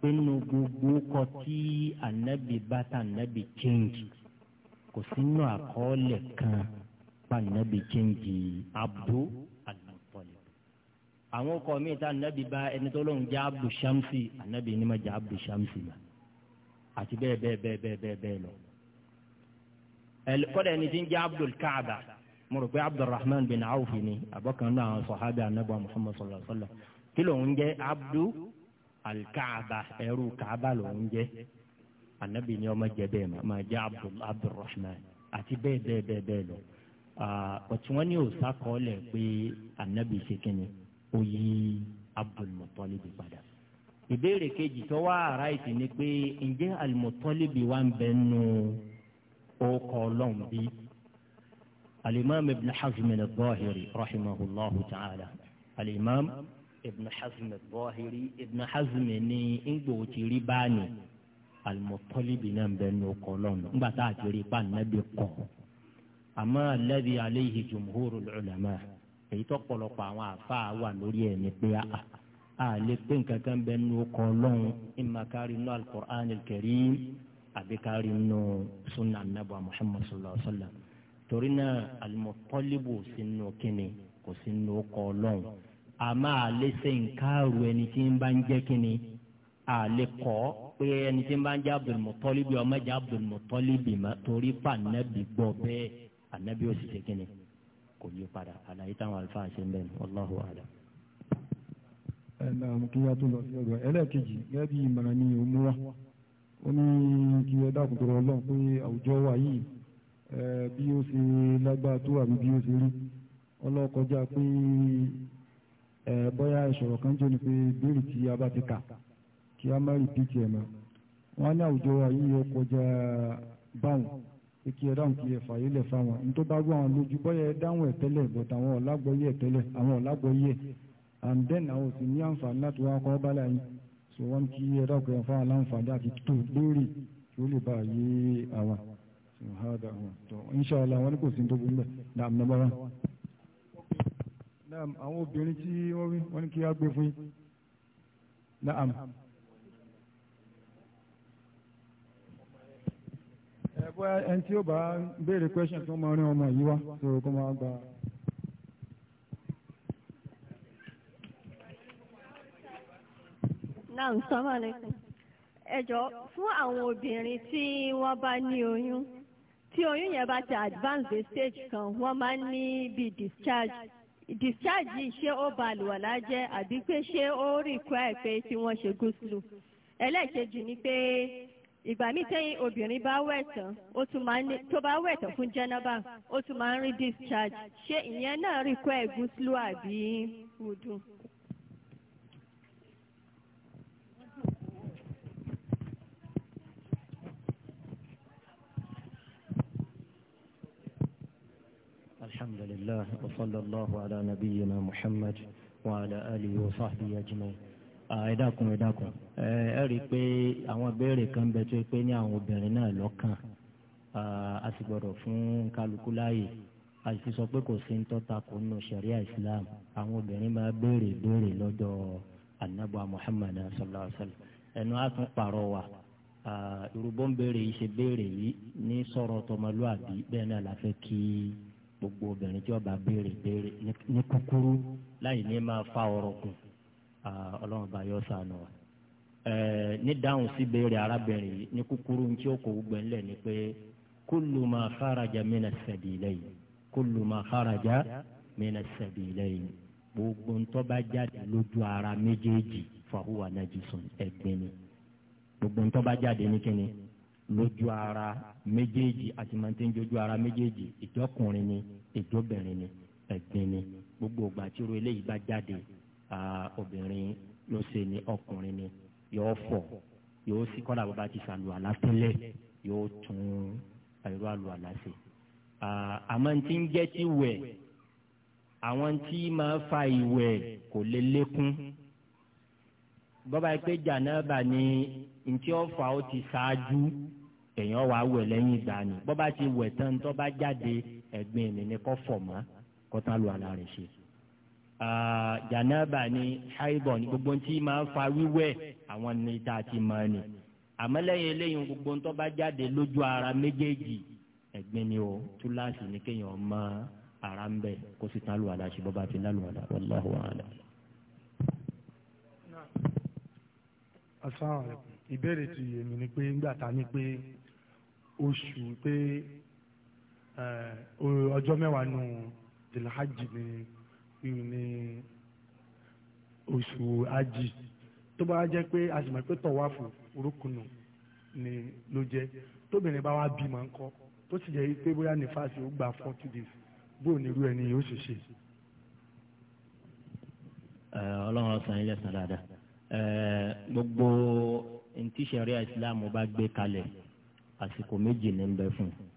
pinnu gbogbo kọ tí anabi bá tà anabi change kò sínú àkọọ́lẹ̀ kan pa nàbì chẹ́ǹjì abdu al-muttalib. àwọn ọkọ mi ta nàbì bá ẹni tó lóun jẹ́ abdu shamsi ànàbì ni ma jẹ́ abdu shamsi ma àti bẹ́ẹ̀ bẹ́ẹ̀ bẹ́ẹ̀ bẹ́ẹ̀ bẹ́ẹ̀ bẹ́ẹ̀ lọ. kọ́dà ẹni tí ń jẹ́ abdul kaaba mo rò pé abdulrahman bin awf ni àbọ̀kan náà àwọn sọ̀hábì ànàbì muhammad sallallahu alayhi wa sallam kí lóun jẹ́ abdu alkaaba ẹrú kaaba lòun jẹ́ ànàbì ni ọmọ jẹ bẹ́ẹ̀ ma ma jẹ́ abdulrahman àti bẹ́ẹ̀ bẹ́ẹ̀ bẹ́ẹ̀ bẹ́ẹ̀ lọ ọ̀tún wọn ní òòsà kọ́ọ̀lẹ̀ pé anabi ṣe kínní ó yí Abdul Muttalib padà. ìbéèrè kejì tó wá aráàlú ni pé ǹjẹ́ al-Muttalib wà ń bẹ nù ọkọ̀ ọlọ́run bí? al-Imam Ibn Hazm al-Zahiri rahimahullahu ta'ala al Ibn Hazm al-Zahiri Ibn Hazm ní ngbò tí rí báni al náà ń bẹ nù ọkọ̀ ọlọ́run nígbà tá a ti rí pa anabi kọ̀ ọ́ àmọ́ alladhi alayhi jumhurul ulama èyí tó pọ̀lọpọ̀ àwọn àfa wà lórí ẹ̀ ní pé a ah, a lè pé nǹkan kan bẹ nínú ọkọ̀ ọlọ́run ìmà kárí nínú al-Qur'an al-Karim àbí kárí nínú sunna anabu muhammad sallallahu alayhi wa sallam torí náà al-Muttalibu sínú kínní kò sínú ọkọ̀ ọlọ́run àmọ́ àlẹ́ sẹ́yìn káàrú ẹni tí ń bá ń jẹ́ kínní àlẹ́ kọ́ pé ẹni tí ń bá ń jẹ́ Abdul ọmọ jẹ́ Abdul Muttalibi torí fànàbí gbọ́ bẹ́ẹ̀. ànábì ó sì ṣe kíni kò yí padà àlàyé táwọn àlùfáà ṣe ń bẹ̀ Ẹ na nke kí wàá tó lọ sí ọ̀dọ̀ ẹlẹ́ẹ̀kejì gẹ́gẹ́ bí ìmọ̀ràn ni òun wa ó ní kí wa yìí bí ó ṣe lágbára tó àbí bí ó ṣe rí ọlọ́kọjá pé bóyá ìṣòro kan jẹ́ ni ti kà kí a má ẹ̀ mọ́ wọn ní àwùjọ wa yìí ọkọjá báwọn kí ọlọ́run kì í fàyè lẹ̀ fáwọn ní tó bá gbọ́ àwọn lójú bọ́yẹ dáhùn ẹ̀ tẹ́lẹ̀ but àwọn ọ̀làgbọ́yẹ tẹ́lẹ̀ àwọn ọ̀làgbọ́yẹ and then àwọn òsì ní àǹfààní láti wá kọ́ bá láyé so wọ́n kí ẹ̀rọ kọ̀ fún aláǹfààní àti tó lórí tí ó lè bá yé àwa ṣùgbọ́n àwọn tó inṣàlá wọn ní kò sí tó burú bẹ́ẹ̀ náà nọ́mbà wá. àwọn obìnrin tí wọ́n wí wọ́n ní kí á gbé fún yín. pé ẹni tí ó bá béèrè question tó máa rán ọmọ yìí wá so kó máa gba. náà sọ́mọ́ lẹ́kùn ẹjọ́ fún àwọn obìnrin tí wọ́n bá ní oyún tí oyún yẹn bá ti advance the stage kan wọ́n máa ń ní bíi discharge discharge yìí ṣé ó ba àlùwàlá jẹ́ àbí pé ṣé ó require pé kí wọ́n ṣe gúúsùlù ẹlẹ́ẹ̀kejì ni pé ìgbà míì tẹ́yìn obìnrin bá wẹ̀ tán ó tún máa ní tó bá wẹ̀ tán fún jẹ́nàbà ó tún máa ń rí discharge ṣé ìyẹn náà rí kọ́ ẹ̀gún slow àbí wudu. الحمد لله وصلى الله على نبينا محمد وعلى آله وصحبه أجمعين Ah, ẹ̀dàkùn ẹ̀dàkùn ẹ rí i pé àwọn béèrè kan bẹ tó pé ní àwọn obìnrin náà lọ́kàn ah, a sì gbọ́dọ̀ fún kálukú láàyè a sì sọ pé kò sí ń tọ́ta kò nù sẹ̀ríà islam àwọn obìnrin máa béèrè béèrè lọ́dọ̀ anabu muhammad sallallahu alaihi wa sallam ẹnu á tún pààrọ̀ wa ah, irúgbọ́ ń béèrè yìí ṣe béèrè yìí ní sọ̀rọ̀ tọmọlúàbí bẹ́ẹ̀ náà la fẹ́ kí gbogbo obìnrin tí ó bá béèrè béèrè ní kúkúrú láì ní máa fa ọ̀rọ̀ kùn ọlọ́run bá yọ sànù wa. ní dáhùn sí béèrè arábìnrin yìí ní kúkúrú tí ó kò gbẹ̀ ńlẹ̀ ni pé kullu ma kharaja mina sabilayn kullu ma kharaja mina sabilayn gbogbo ntọ́ bá jáde lójú ara méjèèjì fahuwa najisun ẹ̀gbin ni gbogbo ntọ́ bá jáde ní kíni lójú ara méjèèjì àti mọ̀tẹ́njójú ara méjèèjì ìjọkùnrin ni ìjọbìnrin ni ẹ̀gbin ni gbogbo ìgbà tí irú eléyìí bá jáde obìnrin ló ṣe ni ọkùnrin ni yóò fọ̀ yóò sì kọ́ra bàbá ti sàlù àlá tẹ́lẹ̀ yóò tún ẹ̀rọ àlù àlá ṣe. àmọ́ tí ń jẹ́ ti wẹ̀ àwọn tí máa fa ìwẹ̀ kò lè lékún bọ́ba yìí pé jànáàbà ni ntí ó fa ó ti ṣáájú èèyàn wàá wẹ̀ lẹ́yìn ìgbà ni bọ́ba ti wẹ̀ tán tó bá jáde ẹ̀gbin mi ni fọ̀ mọ́ kó tá àlá rẹ̀ ṣe. jànáàbà ni ṣáìbọ̀ ni gbogbo tí máa fa wiwe àwọn ní tá ti ma ni àmọ́ lẹ́yìn eléyìí gbogbo ń tó bá jáde lójú ara méjèèjì ẹ̀gbin ni o túláàsì ni kéèyàn mọ ara ń bẹ̀ kó sì tán lùwàlà ṣe bọ́ba fi lálùwàlà wallahu a'lam. asalaamualeykum ìbéèrè ti èmi ni pé ńgbà ta ni pé oṣù pé ọjọ́ mẹ́wàá nù dèlhajj ni. pín ní oṣù ájì tó bá jẹ́ pé a sì mọ̀ pé tọ̀wáfù orúkúnù ni ló jẹ́ tóbìnrin bá wá bímọ ńkọ́ tó sì jẹ́ pé bóyá nífàsì ó gba forty days bóò nírú ẹni yóò ṣe ṣe. ọlọ́run ọ̀sán ilé ẹ̀sán dáadáa gbogbo ntí ṣẹ̀ríà ìsìláàmù bá gbé kalẹ̀ àsìkò méjì ní ń bẹ fún un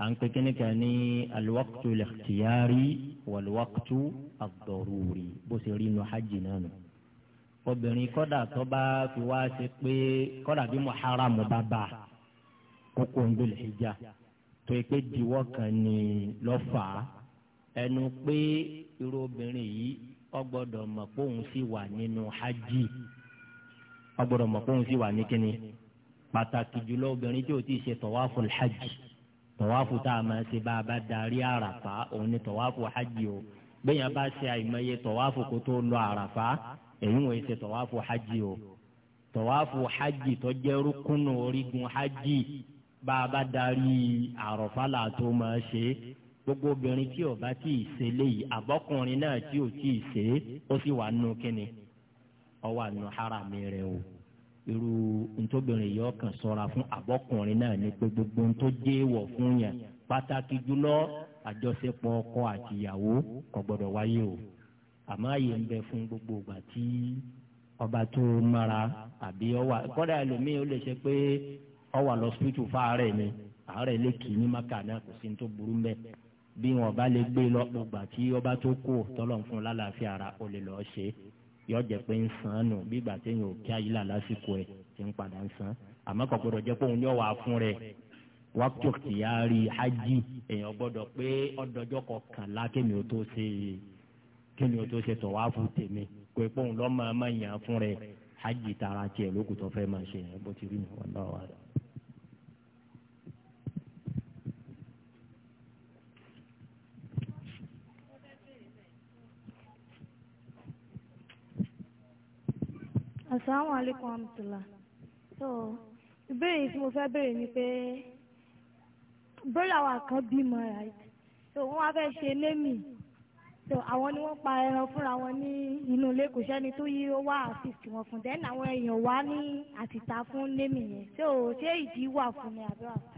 à ń pè kíní kan ní alwaqtu al-ikhtiyari walwaqtu ad-daruri bó ṣe rí inú hajj náà nù. obìnrin kọ́dà tó bá fi wá ṣe pé kọ́dà bí muharram bá bá kókó ń dul hijja tó yẹ pé diwọ́ kan ní lọ́fà ẹnu pé irú obìnrin yìí ó mọ̀ pé òun sì wà nínú hajj ó mọ̀ pé òun sì wà ní kíni pàtàkì jùlọ obìnrin tí ó ti ṣe tawaful hajj tọ̀wáfù tá a máa ṣe bá a bá darí àràfá òun ni tọ̀wáfù hajj o bẹ́ẹ̀ bá ṣe àìmọye tọ̀wáfù kó tó lọ àràfá èyí wọ́n ṣe tọ̀wáfù hajj o tọ̀wáfù hajj tó jẹ́ rúkúnù orígun hajj bá a bá darí àràfá là máa ṣe gbogbo obìnrin tí ó bá tí ì ṣe léyìí àbọ́kùnrin náà tí ò tí ì ṣe ó sì wà nù kíni ó wà nù hárámì o irú ntòbìnrin yìí ọkàn sọra fún abọ́kùnrin náà ní pé gbogbo ntò jẹ́ wọ̀ fún yẹn pàtàkì jùlọ àjọṣepọ̀ ọkọ àtìyàwó kò gbọdọ̀ wáyé o àmọ́ àyè ń bẹ fún gbogbo ìgbà tí ọba tó mara àbí ọwà kọ́dà ẹlòmíì ó lè ṣe pé ọwà lọ sípítù fáàrẹ̀ ni àárẹ̀ lè kì í ní maka náà kò sí ní tó burú mbẹ́ bí wọn bá lè gbé lọ́pọ̀ ìgbà tí ọba tó kú tọ́lọ̀ fún lálàáfíà ara ó lè lọ́ọ́ ṣe é yọ jẹ pé ń san án nù bígbà téèyàn ò kí ayílà lásìkò ẹ̀ ti ń padà ń san àmọ́ kò gbọdọ̀ jẹ́ pé òun yóò wà fún rẹ̀ wákìtò kìyàrí hajj èèyàn gbọdọ̀ pé ọdọjọ́ kọkànlá kémi ò tó ṣe kémi ò tó ṣe tọ̀ wá fún tèmi kò pé òun lọ́ọ́ máa máa yàn án fún rẹ̀ hajj tara tiẹ̀ lókùtọ̀ fẹ́ máa ṣe yẹn bó ti rí mi wọ́n náà wà. Assalamu alaikum warahmatullah. So, ìbéèrè tí mo fẹ́ béèrè ni pé bọ́lá wa kan bímọ right so wọ́n wá fẹ́ ṣe lémi so àwọn ni wọ́n pa ẹran fúnra wọn ní inú ilé kò sẹ́ni tó yí ó wá àfíìsì wọn fún dẹ́n àwọn èèyàn wá ní àtìta fún lémi yẹn so ṣé ìdí wà fún mi àbúrò àfọ.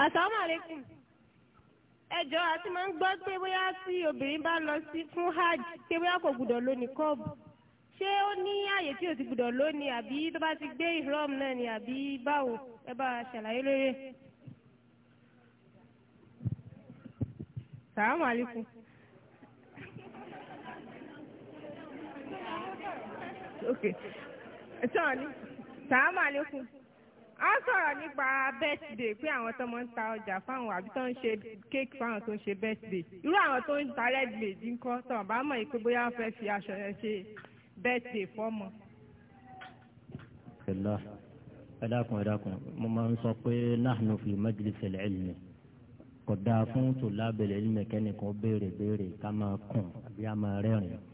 Assalamu alaikum. ẹjọ́ àti máa ń gbọ́ pé bóyá tí obìnrin bá lọ sí fún hajj pé bóyá kò gbúdọ̀ lónìí kọ́ọ̀bù ṣé ó ní àyè tí o ti gbúdọ̀ lónìí àbí tó bá ti gbé ihram náà ni àbí báwo ẹ bá ṣàlàyé lórí. Assalamu alaikum. okay. Assalamu alaikum a sọ̀rọ̀ nípa birthday pé àwọn tó máa ń ta ọjà fáwọn àbí tó ń ṣe cake fáwọn tó ń ṣe birthday irú àwọn tó ń ta red lady ń kọ́ tó bá mọ̀ pé bóyá wọ́n fẹ́ fi aṣọ yẹn ṣe birthday fọ́mọ. ẹ dákun ẹ mo máa ń sọ pé nahnu fi majlis al-ilmi kódà fún tòlábẹ̀lẹ̀ ilmi kẹ́nìkan béèrè béèrè ká máa kùn àbí á máa rẹ́rìn